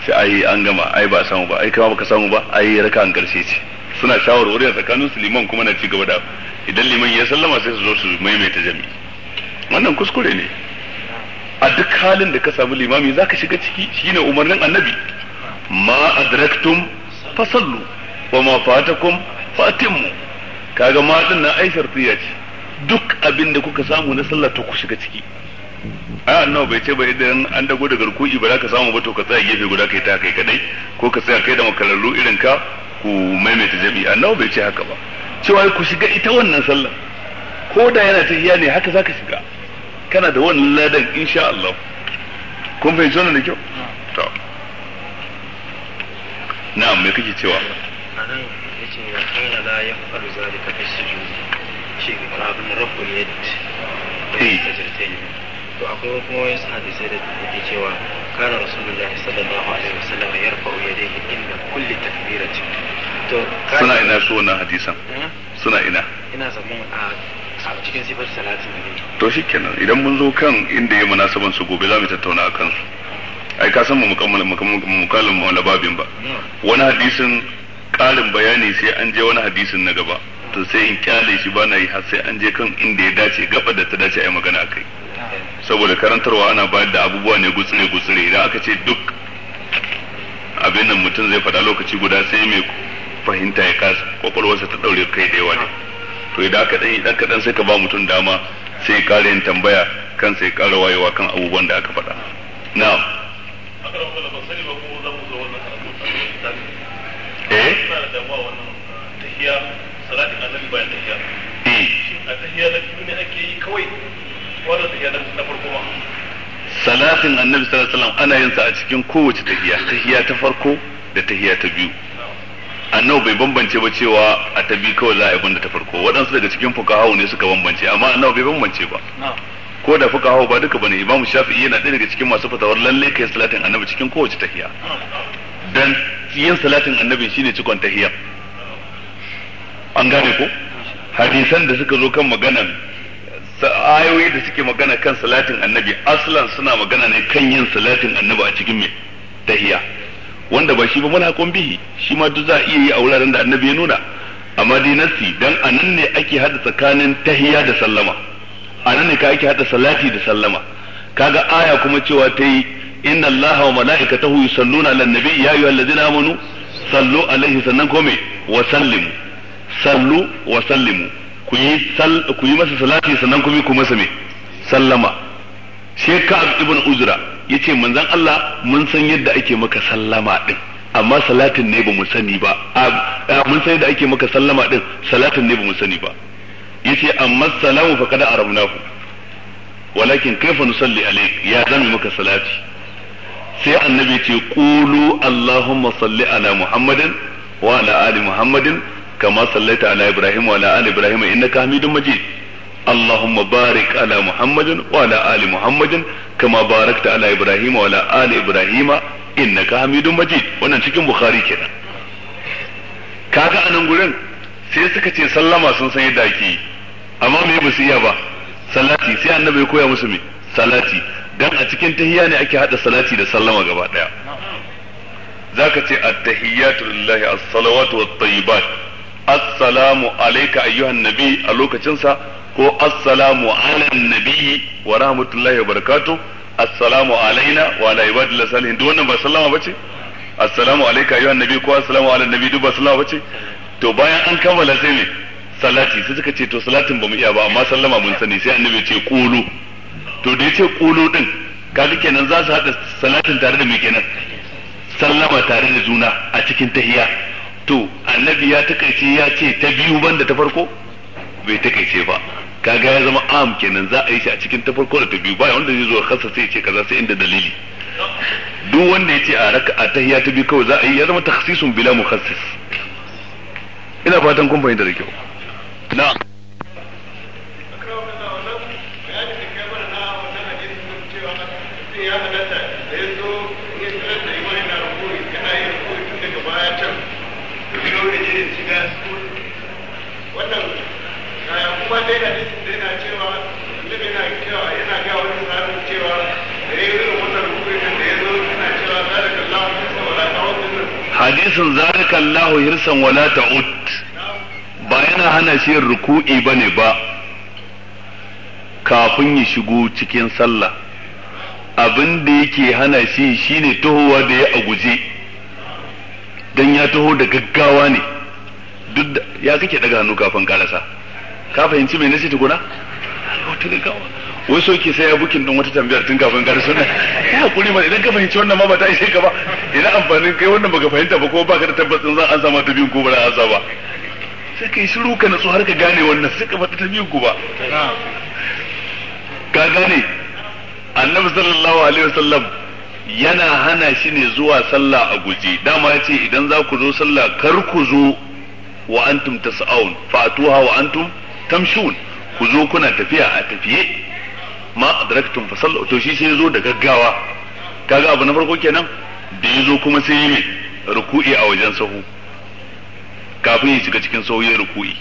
sai ai an gama ai ba samu ba ai kama baka samu ba ai an karshe ce suna shawarwari a tsakanin su liman kuma na ci gaba da idan liman ya sallama sai su zo su maimaita jami wannan kuskure ne a duk halin da ka samu limami ka shiga ciki shine umarnin annabi ma adraktum fasallu wa ma fatakum fatimmu kaga ma din na aishar tiya ce duk abin da kuka samu na sallah to ku shiga ciki ai annabi bai ce ba idan an dago daga ruku'i ba za ka samu ba to ka tsaya gefe guda kai ta kai kadai ko ka tsaya kai da makararru irin ka ku maimaita jami'i annabi bai ce haka ba cewa ku shiga ita wannan sallah ko da yana tahiya ne haka zaka shiga kana da wannan ladan insha Allah kun fahimci wannan da kyau to na'am me kake cewa anan yace ya kana la yaqbalu zalika fi sujudi shi ibn rabbul yad to akwai kuma wani hadisi da yake cewa kana rasulullahi sallallahu alaihi wasallam rufa yadayhi inda kulli takbiratin to suna ina su wannan hadisan hmm? suna ina ina zaman a cikin sifar salatin ne to shikenan idan mun zo kan inda ya munasaban su gobe za mu tattauna akan su ai ka san mu mukammala mukallam mu wala babin ba hmm. wani hadisin ƙarin bayani sai an je wani hadisin na gaba to sai in kyale shi ba na yi har sai an je kan inda ya dace gaba da ta dace a yi magana akai saboda karantarwa ana bayar da abubuwa ne gutsire gutsire idan aka ce duk abin nan mutum zai faɗa lokaci guda sai mai fahimta ya kasa kwakwalwarsa ta ɗaure kai da yawa ne to idan aka ɗan idan kaɗan sai ka ba mutum dama sai ya ƙara yin tambaya kan sai ƙara wayewa kan abubuwan da aka faɗa na'am eh salatin annabi bayan tahiyya shin a tahiyya na ne ake yi kawai na farko ma salatin annabi sallallahu alaihi wasallam ana yin sa a cikin kowace tahiya tahiya ta farko da tahiya ta biyu annabi bai bambance ba cewa a ta biyu kawai za a yi banda ta farko waɗansu daga cikin fukahawu ne suka bambance amma annabi bai bambance ba ko da fukahawu ba duka bane imamu shafi'i yana ɗaya daga cikin masu fatawar lalle kai salatin annabi cikin kowace tahiya dan yin salatin annabi shine cikon tahiyya an gane ko hadisan da suka zo kan maganan ayoyi da suke magana kan salatin annabi aslan suna magana ne kan yin salatin annabi a cikin mai tahiya wanda ba shi ba muna kon bihi shi ma duk za a iya yi a wuraren da annabi ya nuna amma dai nasi dan anan ne ake hada tsakanin tahiya da sallama anan ne ka ake hada salati da sallama kaga aya kuma cewa ta yi inna allaha wa mala'ikatahu yusalluna ala nabi ya ladina amanu sallu alaihi sannan kome wa sallimu sallu wa sallimu ku yi ku yi masa salati sannan kuma ku masa me sallama sai Ka'ab ibn Uzra yace manzon Allah mun san yadda ake maka sallama din amma salatin ne ba mu sani ba mun san yadda ake maka sallama din salatin ne ba mu sani ba yace amma salamu fa kada arabnahu walakin kaifa nusalli alayk ya zami maka salati sai annabi ce qulu allahumma salli ala muhammadin wa ala ali muhammadin كما صليت على إبراهيم وعلى آل إبراهيم إنك حميد مجيد اللهم بارك على محمد وعلى آل محمد كما باركت على إبراهيم وعلى آل إبراهيم إنك حميد مجيد wannan cikin Bukhari kenan kaga anan gurin sai suka ce sallama sun san yadda ake yi amma me ba su iya ba salati sai annabi ya koya musu me salati dan a cikin tahiyya ne ake hada salati da sallama gaba daya zaka ce at-tahiyyatu lillahi as-salawatu wat-tayyibat assalamu alayka ayyuhan nabi a lokacin sa ko assalamu ala nabi wa rahmatullahi wa barakatuh assalamu alaina wa ala ibadillah salihin duk wannan ba sallama bace assalamu alayka ayyuhan nabi ko assalamu ala nabi duk ba sallama bace to bayan an kammala sai ne salati sai suka ce to salatin bamu iya ba amma sallama mun sani sai annabi ce qulu to da yace qulu din kaga kenan za su hada salatin tare da me kenan sallama tare da juna a cikin tahiyya to annabi ya takaice ya ce ta biyu banda ta farko bai takaice ba kaga ya zama am kenan za a yi shi a cikin ta farko da ta biyu ba wanda zai zo kasa sai ce kaza sai inda dalili duk wanda ya ce a raka a tahiyya ta biyu kawai za a yi ya zama takhsisun bila mukhassis ina fatan kun fahimta da kyau ya ya da na Yeah. daga baya can shiga wannan kuma yana cewa yana ga da hadisin zalika Allahu hirsan wala ba yana hana shi ruku'i bane ba kafin ya shigo cikin sallah abin da yake hana shi shine tuhowa da ya a guje dan ya taho da gaggawa ne duk da ya kake daga hannu kafin karasa ka fahimci me nace tukuna wata gaggawa wai so ke sai ya bukin din wata tambayar tun kafin karasa ne ya hakuri ma idan ka fahimci wannan ma ba ta ishe ka ba idan amfanin kai wannan baka fahimta ba ko baka da tabbacin zan an sama ta biyun ko ba za a ba sai kai shiru ka natsu har ka gane wannan sai ka fata ta biyun ko ba ka gane annabi sallallahu alaihi wasallam yana hana shi ne zuwa sallah a guje dama ya ce idan za ku zo sallah kar ku zo wa antum tas'aun fatuha wa antum tamshun ku zo kuna tafiya a tafiye ma adraktum fa sallu to shi sai zo da gaggawa kaga abu na farko kenan da ya zo kuma sai yi ruku'i a wajen sahu kafin ya shiga cikin sahu ruku'i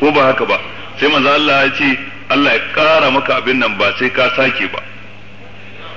ko ba haka ba sai manzo Allah ya ce Allah ya kara maka abin nan ba sai ka sake ba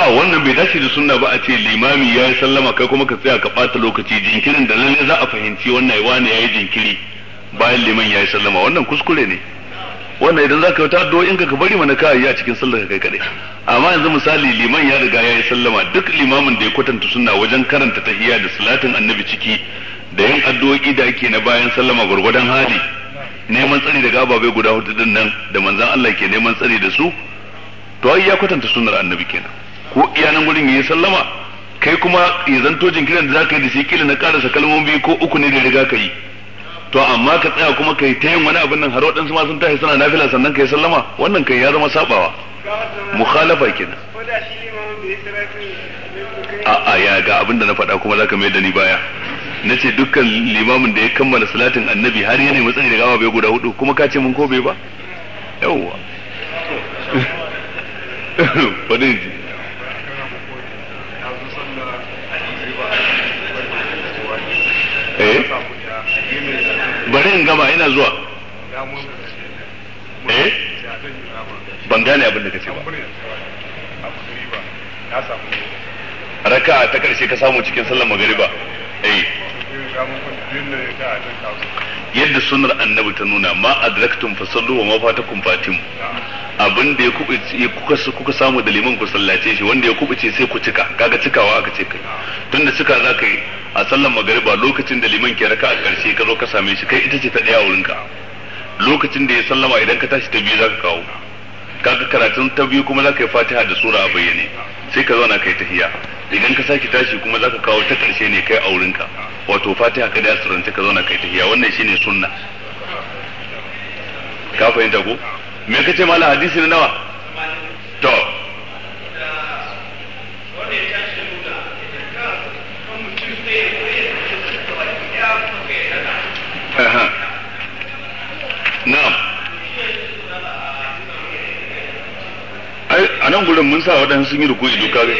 a wannan bai dace da sunna ba a ce limami ya yi sallama kai kuma ka tsaya ka ɓata lokaci jinkirin da lalle za a fahimci wannan yawa ne ya yi jinkiri bayan liman ya yi sallama wannan kuskure ne wannan idan za ka ta in ka bari mana ka yi a cikin sallar kai kaɗai amma yanzu misali liman ya riga ya yi sallama duk limamin da ya kwatanta sunna wajen karanta tahiyya da salatin annabi ciki da yin addu'o'i da ake na bayan sallama gwargwadon hali neman tsari daga ababai guda hudu din nan da manzon Allah ke neman tsari da su to ai ya kwatanta sunnar annabi kenan ko iya nan gurin yayin sallama kai kuma ya zanto jinkirin da zaka yi da shi kila na karasa kalmomi ko uku ne da riga ka yi to amma ka tsaya kuma kai ta yin wani abin nan har waɗansu ma sun tashi suna nafila sannan kai sallama wannan kai ya zama sabawa mukhalafa kenan a'a ya ga abin da na faɗa kuma zaka mai da ni baya na ce dukkan limamin da ya kammala salatin annabi har yana tsari da gawa bai guda hudu kuma ka ce mun ko bai ba yawwa wani eh bari in gama ina zuwa eh ban gane abin da kace ba raka ta karshe ka samu cikin sallar magariba eh. yadda sunar annabi ta nuna ma adraktum fasallu wa ma fatakum fatim abin da ya kubuce kuka samu da liman ku sallace shi wanda ya kubuce sai ku cika kaga cikawa aka ce kai tunda cika zaka yi a sallan magariba lokacin da liman ke raka a karshe ka zo ka same shi kai ita ce ta daya wurin ka lokacin da ya sallama idan ka tashi ta biyu zaka kawo kaga karatun ta biyu kuma zaka yi fatiha da sura a bayyane sai ka zauna kai tahiya idan ka sake tashi kuma zaka kawo ta karshe ne kai aurinka wato fatiha ka da suranta ka zauna kai tahiya wannan shine sunna ka fahimta ko me kace mala hadisi na nawa to na'am ai a nan gurin mun sa waɗansu sun yi ruku'i duka ga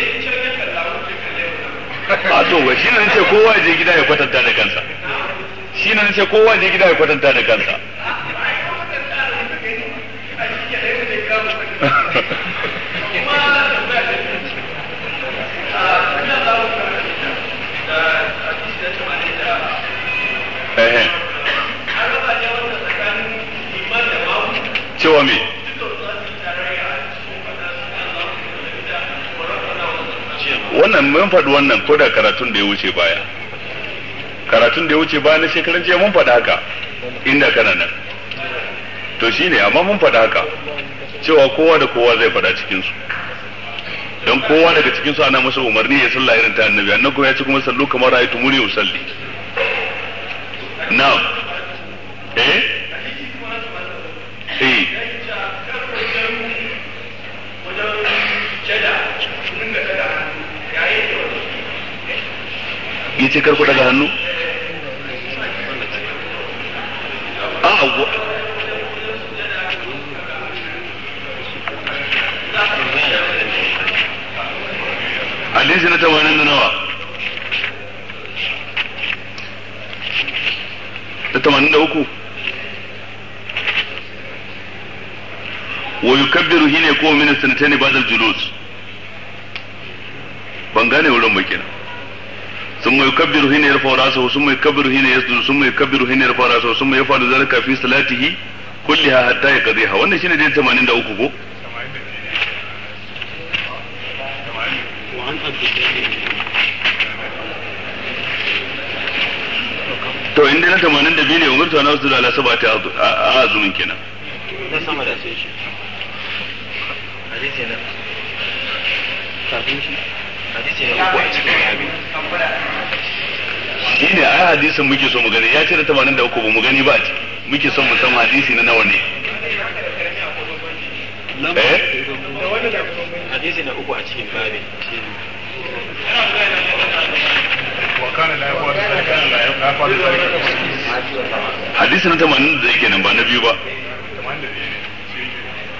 a to ga shi ne ce kowa je gida ya kwatanta da kansa shi ne ce kowa je gida ya kwatanta da kansa faɗi wannan ko da karatun da ya wuce baya karatun da ya wuce baya na shekaran jiya mun faɗi haka inda kana nan to shi ne amma mun faɗi haka cewa kowa da kowa zai faɗa cikinsu don kowa daga cikinsu ana masa umarni ya sallah irin ta annabi annabi kuma ya ce kuma sallu kamar ra'aytu muri usalli na'am eh ce kar daga hannu a'a ah, hadisi na tamanin da nawa da tamanin da uku wa yukabbiru hine ko min sanatani ba'da al-julus ban gane wurin bakina. ثم يكبر حين يرفع راسه ثم يكبر حين يسجد ثم يكبر حين يرفع راسه ثم يفعل ذلك في صلاته كلها حتى يقضيها wannan shine dai 83 ko to inda na 82 ne umurta na su ala sabata a azumin kenan na sama da sai shi hadisi na kafin shi hadisi a shi ne ai hadisin muke so mu gani ya ce da 83 ba mu gani ba muke son mu san hadisi na nawa ne eh? hadisi na 83 a nan ba na biyu ba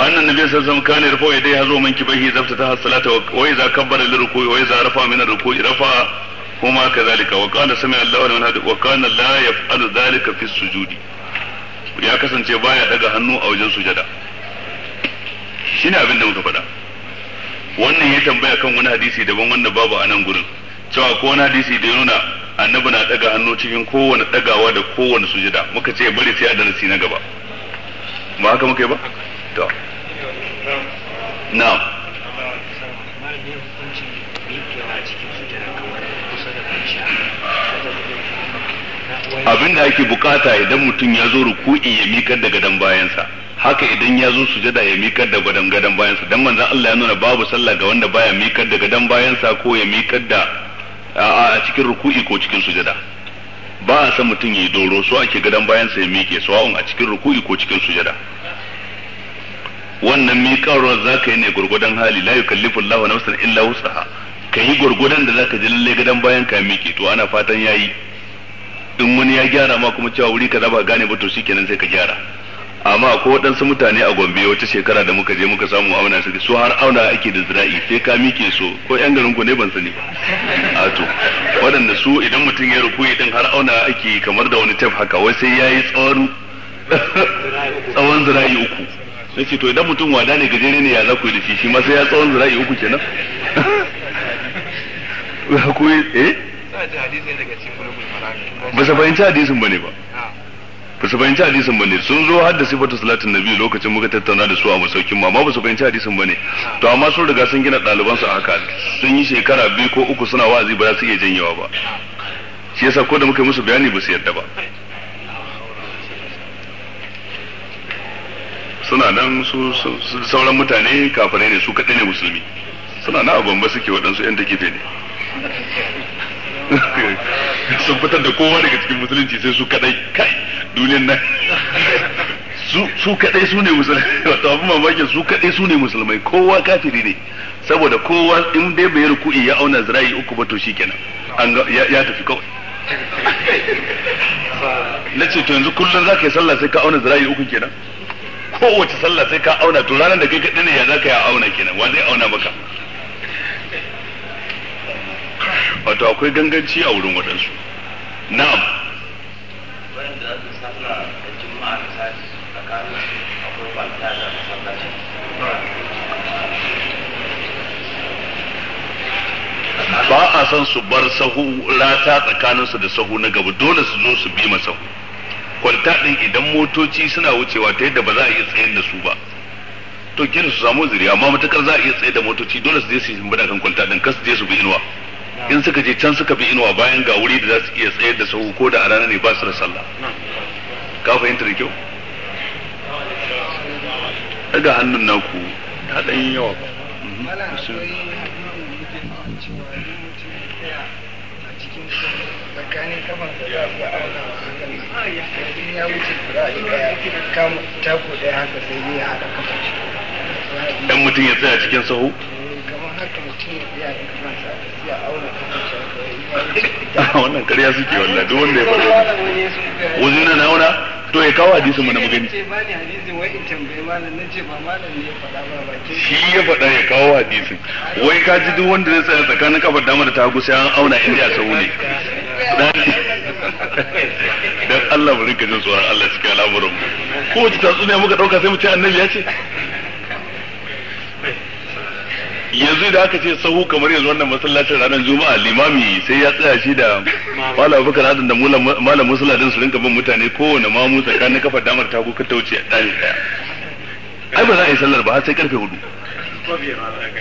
أن النبي صلى الله wasallam kana yarfa yadayhi hazo man kibahi zaftata as-salata wa idza kabbara lirruku'i wa idza rafa min ar-ruku'i rafa huma kadhalika wa qala sami Allahu liman hadi wa kana la yaf'alu dhalika fi sujudi ya kasance baya daga hannu a wajen abin da muka faɗa wannan ya tambaya kan wani hadisi daban wanda babu a nan gurin cewa ko wani hadisi da ya nuna annabi na daga hannu cikin kowane dagawa da kowane sujada muka ce bari sai a darasi na gaba ba haka muka yi ba to Na. abin da ake bukata idan mutum ya zo ruku'i ya mikar da gadon bayansa haka idan ya zo sujada ya mikar da gadon gadon bayansa dan manzon Allah ya nuna babu sallah ga wanda baya mikar da gadon bayansa ko ya mikar da a cikin ruku'i ko cikin sujada ba a san mutum ya yi doro so ake gadon bayansa ya mike sawa'un a cikin ruku'i ko cikin sujada wannan miƙarwar za ka yi ne gurgudan hali la yukallifu Allahu nafsan illa ha ka yi gurgudan da za ka ji lalle gadan bayan ka miƙe to ana fatan ya yi in wani ya gyara ma kuma cewa wuri kaza ba gane ba to kenan sai ka gyara amma ko waɗansu mutane a Gombe wata shekara da muka je muka samu auna su su har auna ake da zira'i sai ka miƙe su ko yan garin ku ne ban sani a to waɗanda su idan mutum ya rukuyi idan har auna ake kamar da wani tef haka wai sai ya yi tsawon zira'i uku sai ce to idan mutum wada ne gajere ne ya za ku yi da shi shi ma sai ya tsawon zira'i uku kenan ya ku yi eh ba su fahimci hadisin ne ba ba su fahimci hadisin ne sun zo har da sifatu salatin nabi lokacin muka tattauna da su a masaukin ma amma ba su fahimci hadisin ne to amma sun riga sun gina ɗaliban su a haka sun yi shekara biyu ko uku suna wa'azi ba za su iya janyewa ba shi yasa ko da muka yi musu bayani ba su yadda ba suna nan su sauran mutane kafirai ne su kaɗai ne musulmi suna na ba suke waɗansu 'yan takife ne sun fitar da kowa daga cikin musulunci sai su kadai kai duniyan nan su kadai su ne musulmai wata abin mamakin su kadai su ne musulmai kowa kafiri ne saboda kowa in dai bai ruku'i ya auna zira'i uku ba to shi an ya tafi kawai na ce to yanzu kullum za ka yi sallah sai ka auna zira'i uku kenan kowace sallah sai ka auna to ranar da kai kaɗai ne ya za ka yi auna kenan wa zai auna maka wato akwai ganganci a wurin waɗansu na'am ba a son su bar sahu rata tsakaninsu da sahu na gaba dole su zo su bi sahu kwalta din idan motoci suna wucewa ta yadda ba za a iya tsayar da su ba to kira su samu ziri amma matakar za a iya tsayar da motoci dole su je su yi kan kwalta din kar su je su bi inuwa in suka je can suka bi inuwa bayan ga wuri da za su iya tsayar da sahu ko da a rana ne ba su da sallah ka fahimta da kyau daga hannun naku ta ɗan yawa mhm. ba tsakanin kafan da za ku auna in ya wuce kura ɗaya tako ɗaya haka sai ya haɗa kafa dan mutum ya tsaya cikin sahu eh, kamar haka mutum ya tsaya da kafansa ya auna kafansa wannan ƙarya suke wallahi duk wanda ya faɗa wuzuna na auna to ya kawo hadisin mana magani shi ya faɗa ya kawo hadisin wai ka ji duk wanda zai tsaya tsakanin kafar dama da tagu sai an auna inda a sau ne dan Allah mu rinka jin tsoron Allah cikin al'amuran Ko ta tatsuniya muka ɗauka sai mu ce annabi ya ce yanzu da aka ce sahu kamar yanzu wannan masallacin ranar juma'a limami sai ya tsaya shi da malam abubakar adam da malam musulla din su rinka bin mutane kowane mamu tsakanin kafa damar ta kuka ta wuce ɗari ɗaya ai ba za a yi sallar ba har sai karfe hudu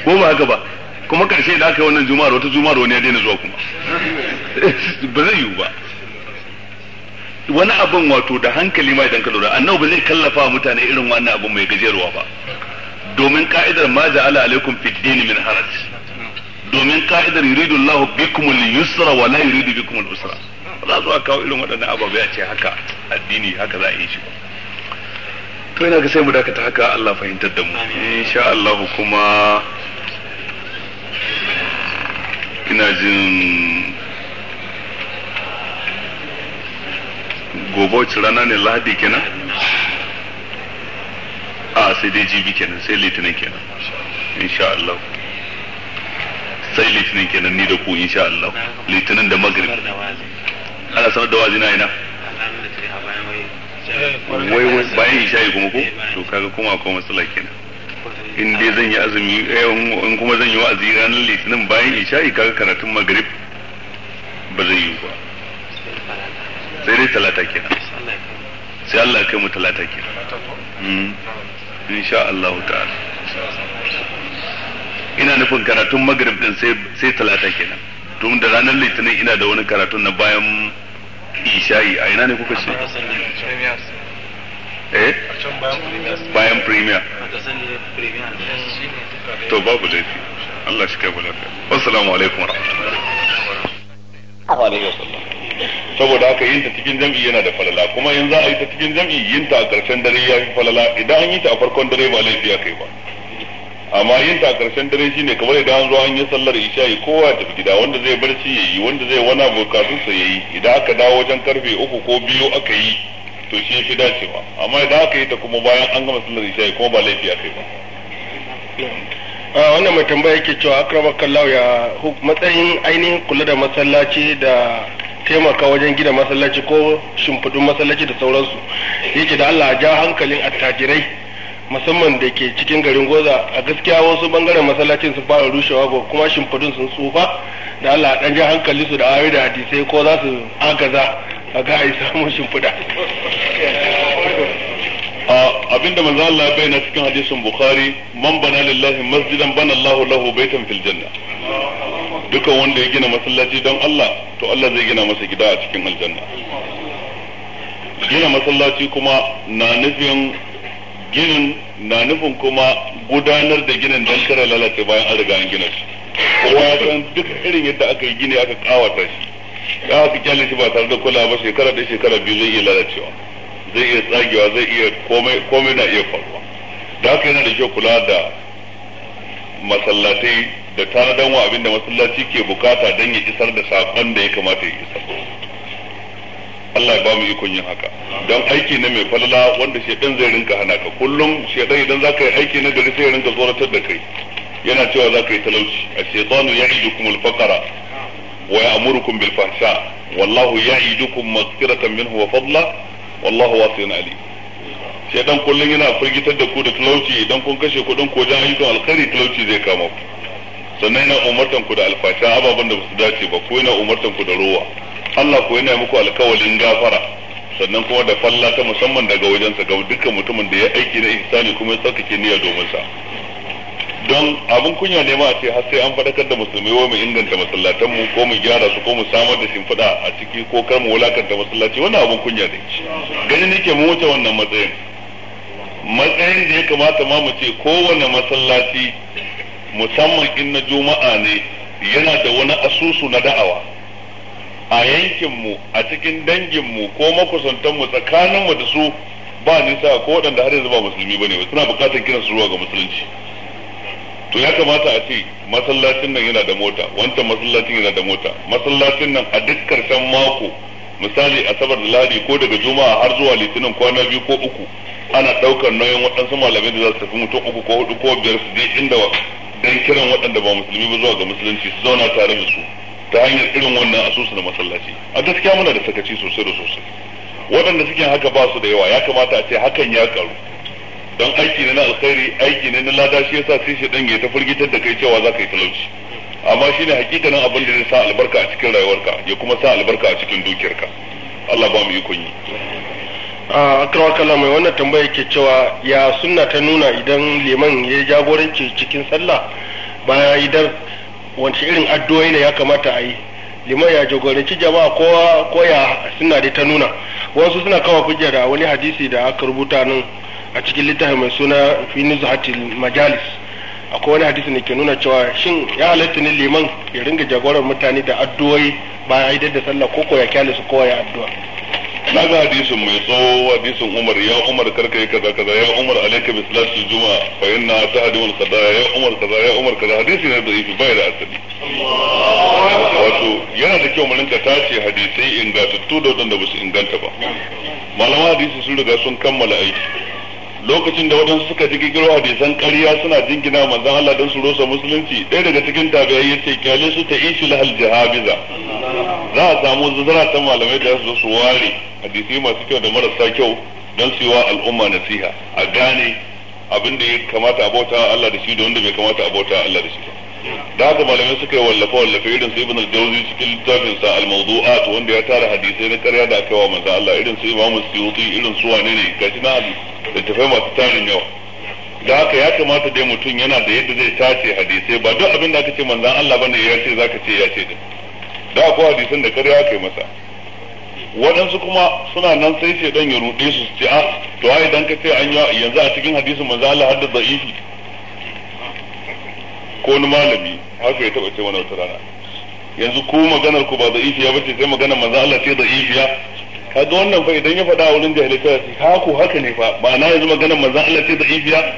ko ba haka ba kuma karshe da aka yi wannan juma'ar wata juma'ar wani ya daina zuwa kuma ba zai yiwu ba wani abin wato da hankali ma idan ka lura annabi ba zai kallafa mutane irin wannan abin mai gajeruwa ba domin ka'idar ma ja'ala alaikum fid din min haraj domin ka'idar yuridu Allahu bikum al-yusra wa la yuridu bikum al-usra za su kawo irin waɗannan ababe a ce haka addini haka za a yi shi to ina ga sai mu dakata haka Allah fahimtar da mu insha Allah kuma ina jin gobe rana ne lahadi kenan a sai dai jibi kenan sai litinin kenan insha Allah sai litinin kenan ni da ku insha Allah litinin da magrib ana sanar da wazina ina wai wai bayan yi kuma ko to kaga kuma akwai matsala kenan in dai zan yi azumi eh, in kuma zan yi wa'azi ranar litinin bayan yi kaga karatun magrib ba zai yi ba sai dai talata kenan sai Allah ya kai mu talata kenan hmm. insha Allah ta'ala ina nufin karatun magrib din sai sai talata kenan tun da ranar litinin ina da wani karatun na bayan isha'i a ina ne kuka ce eh bayan premier to babu laifi Allah shi kai lafiya assalamu alaikum rahmatullahi saboda haka yin ta cikin jam'i yana da falala kuma yin za a yi ta cikin jam'i yin ta a ƙarshen dare ya fi falala idan an yi ta a farkon dare ba laifi ya kai ba amma yin ta a ƙarshen dare shine kamar idan an zo an yi sallar isha'i kowa ya tafi gida wanda zai barci ya yi wanda zai wana bukatun sa ya yi idan aka dawo wajen karfe uku ko biyu aka yi to shi ya fi dacewa amma idan aka yi ta kuma bayan an gama sallar isha'i kuma ba laifi ya kai ba a ah, wannan mai tambaya yake cewa akramaka kallau ya matsayin ainihin kula da masallaci da taimaka wajen gina masallaci ko shimfiɗin masallaci da sauransu yake da Allah ja hankalin attajirai musamman da ke cikin garin goza a gaskiya wasu bangaren masallacin su fara rushewa ko kuma shimfiɗin sun tsufa da Allah dan ja hankali su da awi da hadisai ko za su agaza a ga a yi samun shimfiɗa abinda manzo Allah ya bayyana cikin hadisin Bukhari man bana lillahi masjidan bana Allahu lahu baitan fil janna dukan wanda ya gina masallaci don Allah to Allah zai gina masa gida a cikin aljanna gina masallaci kuma na nufin ginin na nufin kuma gudanar da ginin don kare lalace bayan an riga an gina kowa ya san duk irin yadda aka yi gini aka kawata shi ya aka kyale shi ba tare da kula ba shekara da shekara biyu zai iya lalacewa zai iya tsagewa zai iya komai komai na iya faruwa da haka yana da kyau kula da masallatai da tanadan wa abinda masallaci ke bukata don ya isar da saƙon da ya kamata ya isar Allah ya ba mu ikon yin haka don aiki na mai falala wanda shedan zai rinka hana ka kullum shedan idan zaka yi aiki na gari sai rinka tsoratar da kai yana cewa zaka yi talauci ash-shaytanu ya'idukum al-faqra wa ya'murukum bil fahsha wallahu ya'idukum maghfiratan minhu wa fadla wallahu sayyidina ali sai dan kullun yana firgitar da ku da talauci idan kun kashe kuɗin ku wajen ayyukan alkhairi talauci zai kama ku sannan yana umartan ku da alfasha ababen da basu dace ba ko yana umartan ku da ruwa. Allah ko yana muku alkawalin gafara sannan kuma da falla ta musamman daga wajensa ga dukkan mutumin da ya aiki na ihsani kuma ya ke niyya domin sa don abin kunya ne ma a ce har sai an faɗakar da musulmi wa mu inganta masallatan mu ko mu gyara su ko mu samar da shimfiɗa a ciki ko kar mu wulakanta masallaci wannan abin kunya ne gani nake mu wuce wannan matsayin matsayin da ya kamata ma mu ce kowane masallaci musamman in na juma'a ne yana da wani asusu na da'awa a yankin yankinmu a cikin dangin danginmu ko tsakanin mu da su ba nisa ko waɗanda har yanzu ba musulmi bane ba suna buƙatar kiran su zuwa ga musulunci to ya kamata a ce masallacin nan yana da mota wancan masallacin yana da mota masallacin nan a duk karshen mako misali asabar da ladi ko daga juma'a har zuwa litinin kwana biyu ko uku ana ɗaukar nauyin waɗansu malamai da za su tafi mutum uku ko hudu ko biyar su je inda dan kiran waɗanda ba musulmi ba zuwa ga musulunci su zauna tare da su ta hanyar irin wannan asusu na masallaci a gaskiya muna da sakaci sosai da sosai waɗanda suke haka ba su da yawa ya kamata a ce hakan ya karu don aiki ne na alkhairi aiki ne na lada shi yasa sai shi dan ya ta firgitar da kai cewa za ka yi talauci amma shi hakika nan abin da zai sa albarka a cikin rayuwarka ya kuma sa albarka a cikin dukiyarka Allah ba mu yi kunyi a mai wannan tambaya ke cewa ya sunna ta nuna idan liman ya jagoranci cikin sallah baya idan wace irin addu'o'i ne ya kamata a yi liman ya jagoranci jama'a ko ya sunna dai ta nuna wasu suna kawo hujja da wani hadisi da aka rubuta nan a cikin littafin mai suna fi nuzhatil majalis akwai wani hadisi ne ke nuna cewa shin ya halatta ne liman ya ringa jagoran mutane da addu'o'i bayan idan da sallah ko ya kyale su kowa ya addu'a na ga hadisin mai tsawo hadisin umar ya umar karka yi kaza kaza ya umar alaika bi salati juma'a fa inna ta'dimul qada ya umar kaza ya umar kaza hadisi ne da yafi bai da asali wato yana da kyau mu rinka tace hadisai ingantattu da wadanda ba su inganta ba malaman hadisi sun riga sun kammala aiki lokacin da wadansu suka ji gigiro disan ƙarya suna jingina manzon Allah don su rosa musulunci ɗaya daga cikin tabi'ai ya ce kyale su ta ishi lahal jahabiza za a samu zazzara ta malamai da su su ware hadisi masu kyau da marasa kyau don su yi wa al'umma nasiha a gane abin da ya kamata a bauta Allah da shi da wanda bai kamata a bauta Allah da shi ba da haka malamai suka yi wallafa wallafa irin su ibn al-jawzi cikin littafin sa al-mawdu'at wanda ya tara hadisai na karya da aka yi wa manzo Allah irin su imamu suyuti irin su wane ne gashi na tafai masu tarin yawa da haka ya kamata dai mutum yana da yadda zai tace hadisai ba duk abin da aka ce manzon Allah bane ya ce zaka ce ya ce din da akwai hadisan da ƙarya aka yi masa waɗansu kuma suna nan sai ce dan ya rude su su ce a ah, to ai idan ka ce an yi yanzu a cikin hadisin manzo Allah hadda da'ifi ko wani malami haka ya taba ce wani wata rana yanzu ko maganar ku ba da ifiya ba ce sai maganar maza Allah ce da ifiya kaga wannan fa idan ya faɗa a wurin jahilai sai ha ku haka ne fa ba na yanzu maganar manzo Allah ce da ifiya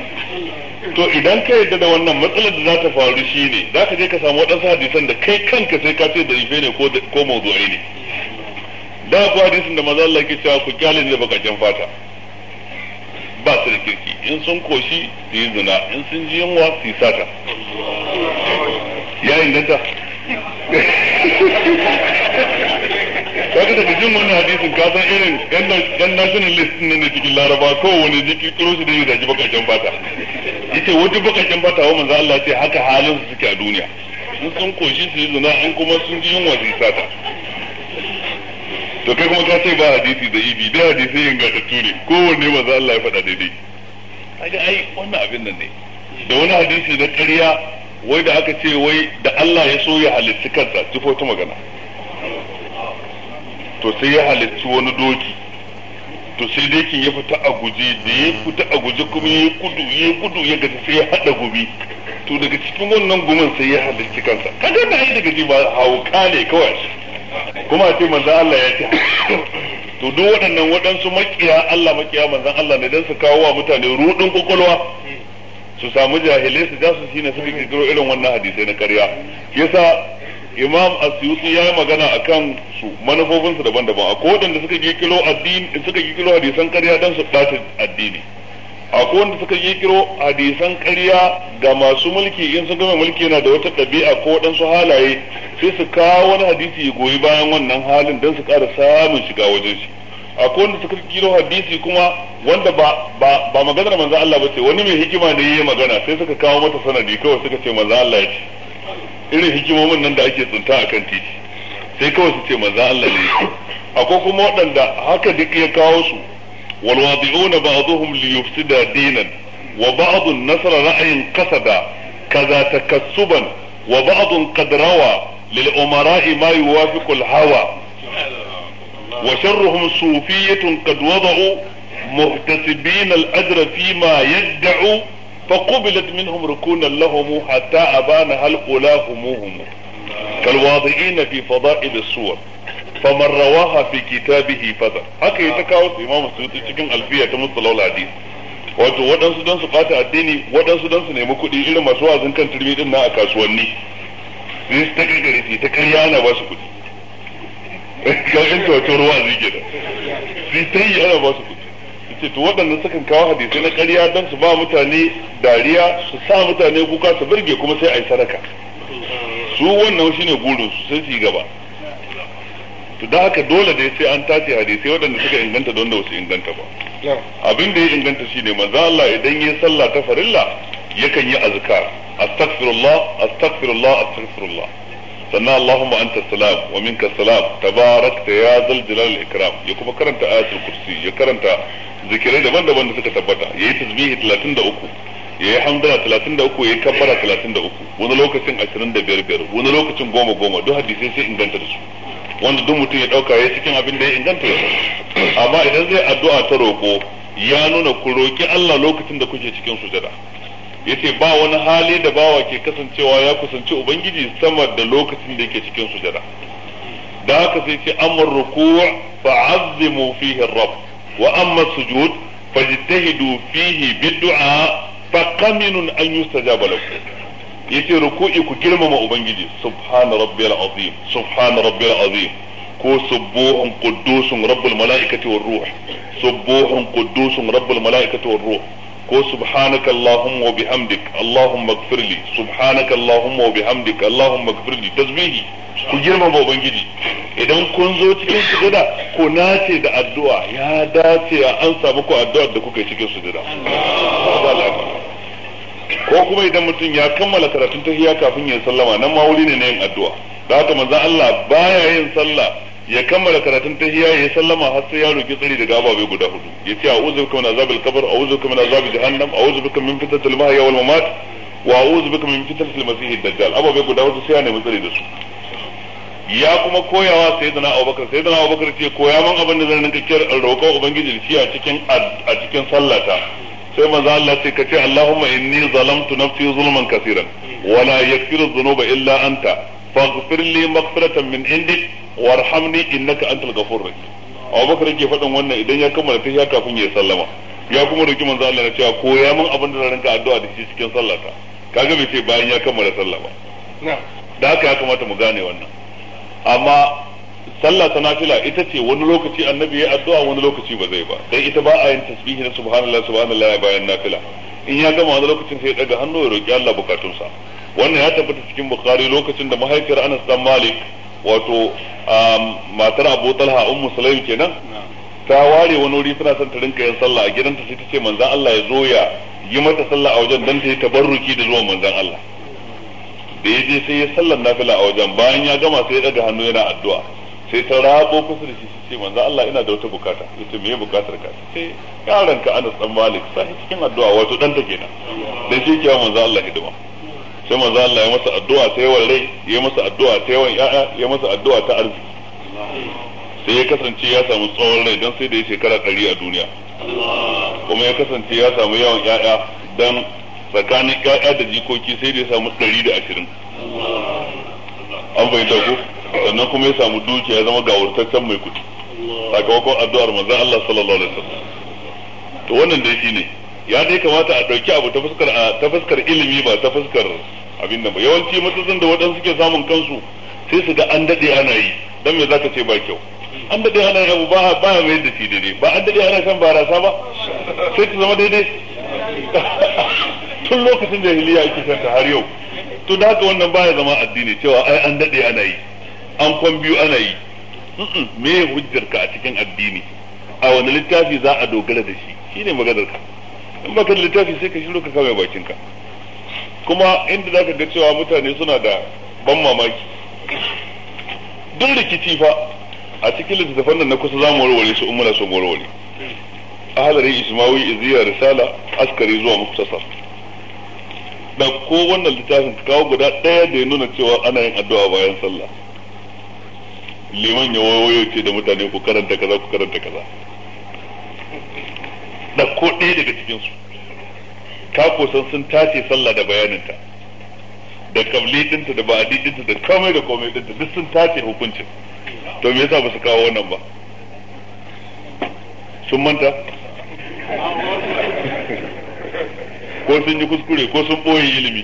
to idan ka yarda da wannan matsalar da za ta faru shi ne za ka je ka samu waɗansu hadisan da kai kanka sai ka ce da ife ne ko ko ne da ku hadisin da maza Allah ke cewa ku kyale ne da bakakken fata ba su da kirki in sun koshi su yi zina in sun ji yunwa su yi sata ya inganta kaga daga jin wani hadisin ka san irin yan national list ne da cikin laraba kowane ji kirkiro shi da yi zaji bakashen fata yace wajen bakashen fata wa manzan Allah ce haka halin su suke a duniya in sun koshi su yi zina in kuma sun ji yunwa su yi sata to kai kuma ka ce ba hadisi da ibi da hadisi tattu ne kowanne za Allah ya faɗa daidai kaga ai wannan abin nan ne da wani hadisi na ƙarya wai da aka ce wai da Allah ya so ya halitta kansa jifo ta magana to sai ya halitta wani doki to sai dokin ya fita a guje da ya fita a guje kuma ya gudu ya gudu ya gaji sai ya hada gobi to daga cikin wannan gumin sai ya halitta kansa kaga da ai daga ji ba hauka ne kawai kuma ce manzan Allah ya ce to duk waɗannan waɗansu makiya Allah makiya manzan Allah ne don su kawo wa mutane rudin kwakwalwa su samu jahilai su jasu shine suka kirkiro irin wannan hadisai na ƙarya yasa imam asyuti ya yi magana akan su manufofinsu daban-daban a akwai da suka kirkiro addini suka kirkiro hadisan ƙarya don su ɓata addini akwai wanda suka yi kiro hadisan ƙarya ga masu mulki in sun gama mulki yana da wata ɗabi'a ko waɗansu halaye sai su kawo wani hadisi ya goyi bayan wannan halin don su ƙara samun shiga wajen shi akwai wanda suka kiro hadisi kuma wanda ba ba ba maganar manzo Allah ba ce wani mai hikima ne yayi magana sai suka kawo mata sanadi kawai suka ce manzo Allah ya ce irin hikimomin nan da ake tsinta akan titi sai kawai su ce manzo Allah ne akwai kuma waɗanda haka duk ya kawo su والواضعون بعضهم ليفسد دينا وبعض نصر رأي قصد كذا تكسبا وبعض قد روى للأمراء ما يوافق الهوى وشرهم صوفية قد وضعوا محتسبين الأجر فيما يدعوا فقبلت منهم ركونا لهم حتى أبان هل أولى كالواضعين في فضائل الصور faman rawaha fi kitabihi fada haka ya ta kawo imamu suyuti cikin alfiya ta mustalawul hadis wato waɗansu don su ɓata addini waɗansu don su nemi kuɗi irin masu wazin kan turmi din na a kasuwanni ne su ta gagare su ta karya ana ba su kuɗi kawai kyautar wazi ke da su ta yi ana ba su kuɗi ce to waɗannan sukan kawo hadisi na karya don su ba mutane dariya su sa mutane kuka su birge kuma sai a sadaka su wannan shine burin su sai su yi gaba to da haka dole ne sai an tace hadisi waɗanda suka inganta don da wasu inganta ba abin da ya inganta shine manzo Allah idan yi sallah ta farilla yakan yi azkar astaghfirullah astaghfirullah astaghfirullah sannan Allahumma anta salam wa minka salam tabarakta ya zal jalal ikram ya kuma karanta ayatul kursi ya karanta zikirai daban-daban da suka tabbata yayi tasbihi 33 ya yi hamdala talatin da uku ya yi kabbara talatin da uku wani lokacin ashirin da biyar biyar wani lokacin goma goma duk hadisai sai inganta da su wanda duk mutum ya ɗauka ya cikin abin da ya inganta ya amma idan zai addu'a ta roko ya nuna ku roƙi Allah lokacin da kuke cikin sujada yace ba wani hali da bawa ke kasancewa ya kusanci ubangiji sama da lokacin da yake cikin sujada da haka sai ce amr ruku' fa'azzimu fihi rabb wa amma sujud fajtahidu fihi bid'a faqaminun an yustajaba lakum yace ruku'i ku girmama ubangiji subhana rabbiyal azim subhana rabbiyal azim ko subuhun quddusun rabbul malaikati war ruh subuhun quddusun rabbul malaikati war ruh ko subhanaka allahumma wa bihamdik allahumma ighfirli subhanaka allahumma wa bihamdik allahumma ighfirli tasbihi ku girmama ubangiji idan kun zo cikin sujada ko nace da addu'a ya dace an samu ku addu'ar da kuka yi cikin sujada ko kuma idan mutum ya kammala karatun tahiyya kafin yin sallama nan mawuli ne na yin addu'a da haka manzon Allah baya yin sallah ya kammala karatun tahiyya ya sallama har sai ya roki tsari daga ababe guda hudu yace a'udhu bika min azabil qabr a'udhu bika min azabi jahannam a'udhu bika min fitnatil mahya wal mamat wa a'udhu bika min fitnatil hidda dajjal ababe guda hudu sai ya nemi tsari da su ya kuma koyawa sayyidina Abubakar sayyidina Abubakar ce koya man abin da zan rinka kiyar roƙon ubangiji a cikin a cikin sallata sai maza Allah ce kace Allahumma inni zalamtu nafsi zulman kasiran wala yaghfiru dhunuba illa anta faghfir li maghfiratan min indik warhamni innaka antal ghafurur rahim Abu Bakar yake faɗin wannan idan ya kammala ta ya kafin ya sallama ya kuma roki manzo Allah na cewa ya mun abin da ranka addu'a da shi cikin sallata kaga bai ce bayan ya kammala sallama na da haka ya kamata mu gane wannan amma sallah ta nafila ita ce wani lokaci annabi ya addu'a wani lokaci ba zai ba dan ita ba a yin tasbihi na subhanallah subhanallah bayan nafila in ya gama wani lokacin sai ya daga hannu ya roki Allah bukatunsa wannan ya tabbata cikin bukhari lokacin da mahaifiyar Anas dan Malik wato um, matar Abu Talha ummu Sulaim kenan ta ware wani wuri tana son ta rinka yin sallah a gidanta sai ta ce manzon Allah ya zo ya yi mata sallah a wajen dan ta yi tabarruki da zuwa manzon Allah da ya je sai ya sallar nafila a wajen bayan ya gama sai ya daga hannu yana addu'a sai ta rabo kusa da shi ce manzo Allah ina da wata bukata yace me bukatar ka sai yaran ka Anas dan Malik sai cikin addu'a wato dan take na dan shi ke manzo Allah hidima sai manzo Allah ya masa addu'a ta yawan rai ya masa addu'a ta yawan ya'ya ya masa addu'a ta arziki sai ya kasance ya samu tsawon rai dan sai da ya shekara ɗari a duniya kuma ya kasance ya samu yawan ya'ya dan tsakanin ya'ya da jikoki sai da ya samu ɗari da ashirin an bai ko sannan kuma ya samu dukiya ya zama gawurtaccen mai kuɗi sakamakon addu'ar manzon Allah sallallahu alaihi wasallam to wannan dai shine ya dai kamata a ɗauki abu ta fuskar ta fuskar ilimi ba ta fuskar abin nan ba yawanci matsatsin da waɗansu suke samun kansu sai su ga an daɗe ana yi dan me zaka ce ba kyau an daɗe ana yi abu ba ba mai da shi daidai ba an daɗe ana shan barasa ba sai ta zama daidai tun lokacin jahiliya ake shan ta har yau to da haka wannan baya zama addini cewa ai an dade ana yi an kwan biyu ana yi me hujjar ka a cikin addini a wani littafi za a dogara da shi shine maganar ka in baka da littafi sai ka shiro ka kame bakin ka kuma inda zaka ga cewa mutane suna da ban mamaki duk rikici fa a cikin littattafan nan na kusa za mu warware su umma su mu a halarin ismawi iziya risala askari zuwa muktasar ko wannan littafin kawo guda ɗaya da ya nuna cewa ana yin addu'a bayan sallah liman ya wayo ce da mutane ku karanta kaza ku karanta kaza ko ɗaya daga cikinsu ka san sun tace sallah da bayaninta da kabli ɗinta da ba'adi dinta da komai da komai dinta duk sun tace hukuncin to me yasa ba su kawo wannan ba sun manta ko sun yi kuskure ko sun ɓoye ilimi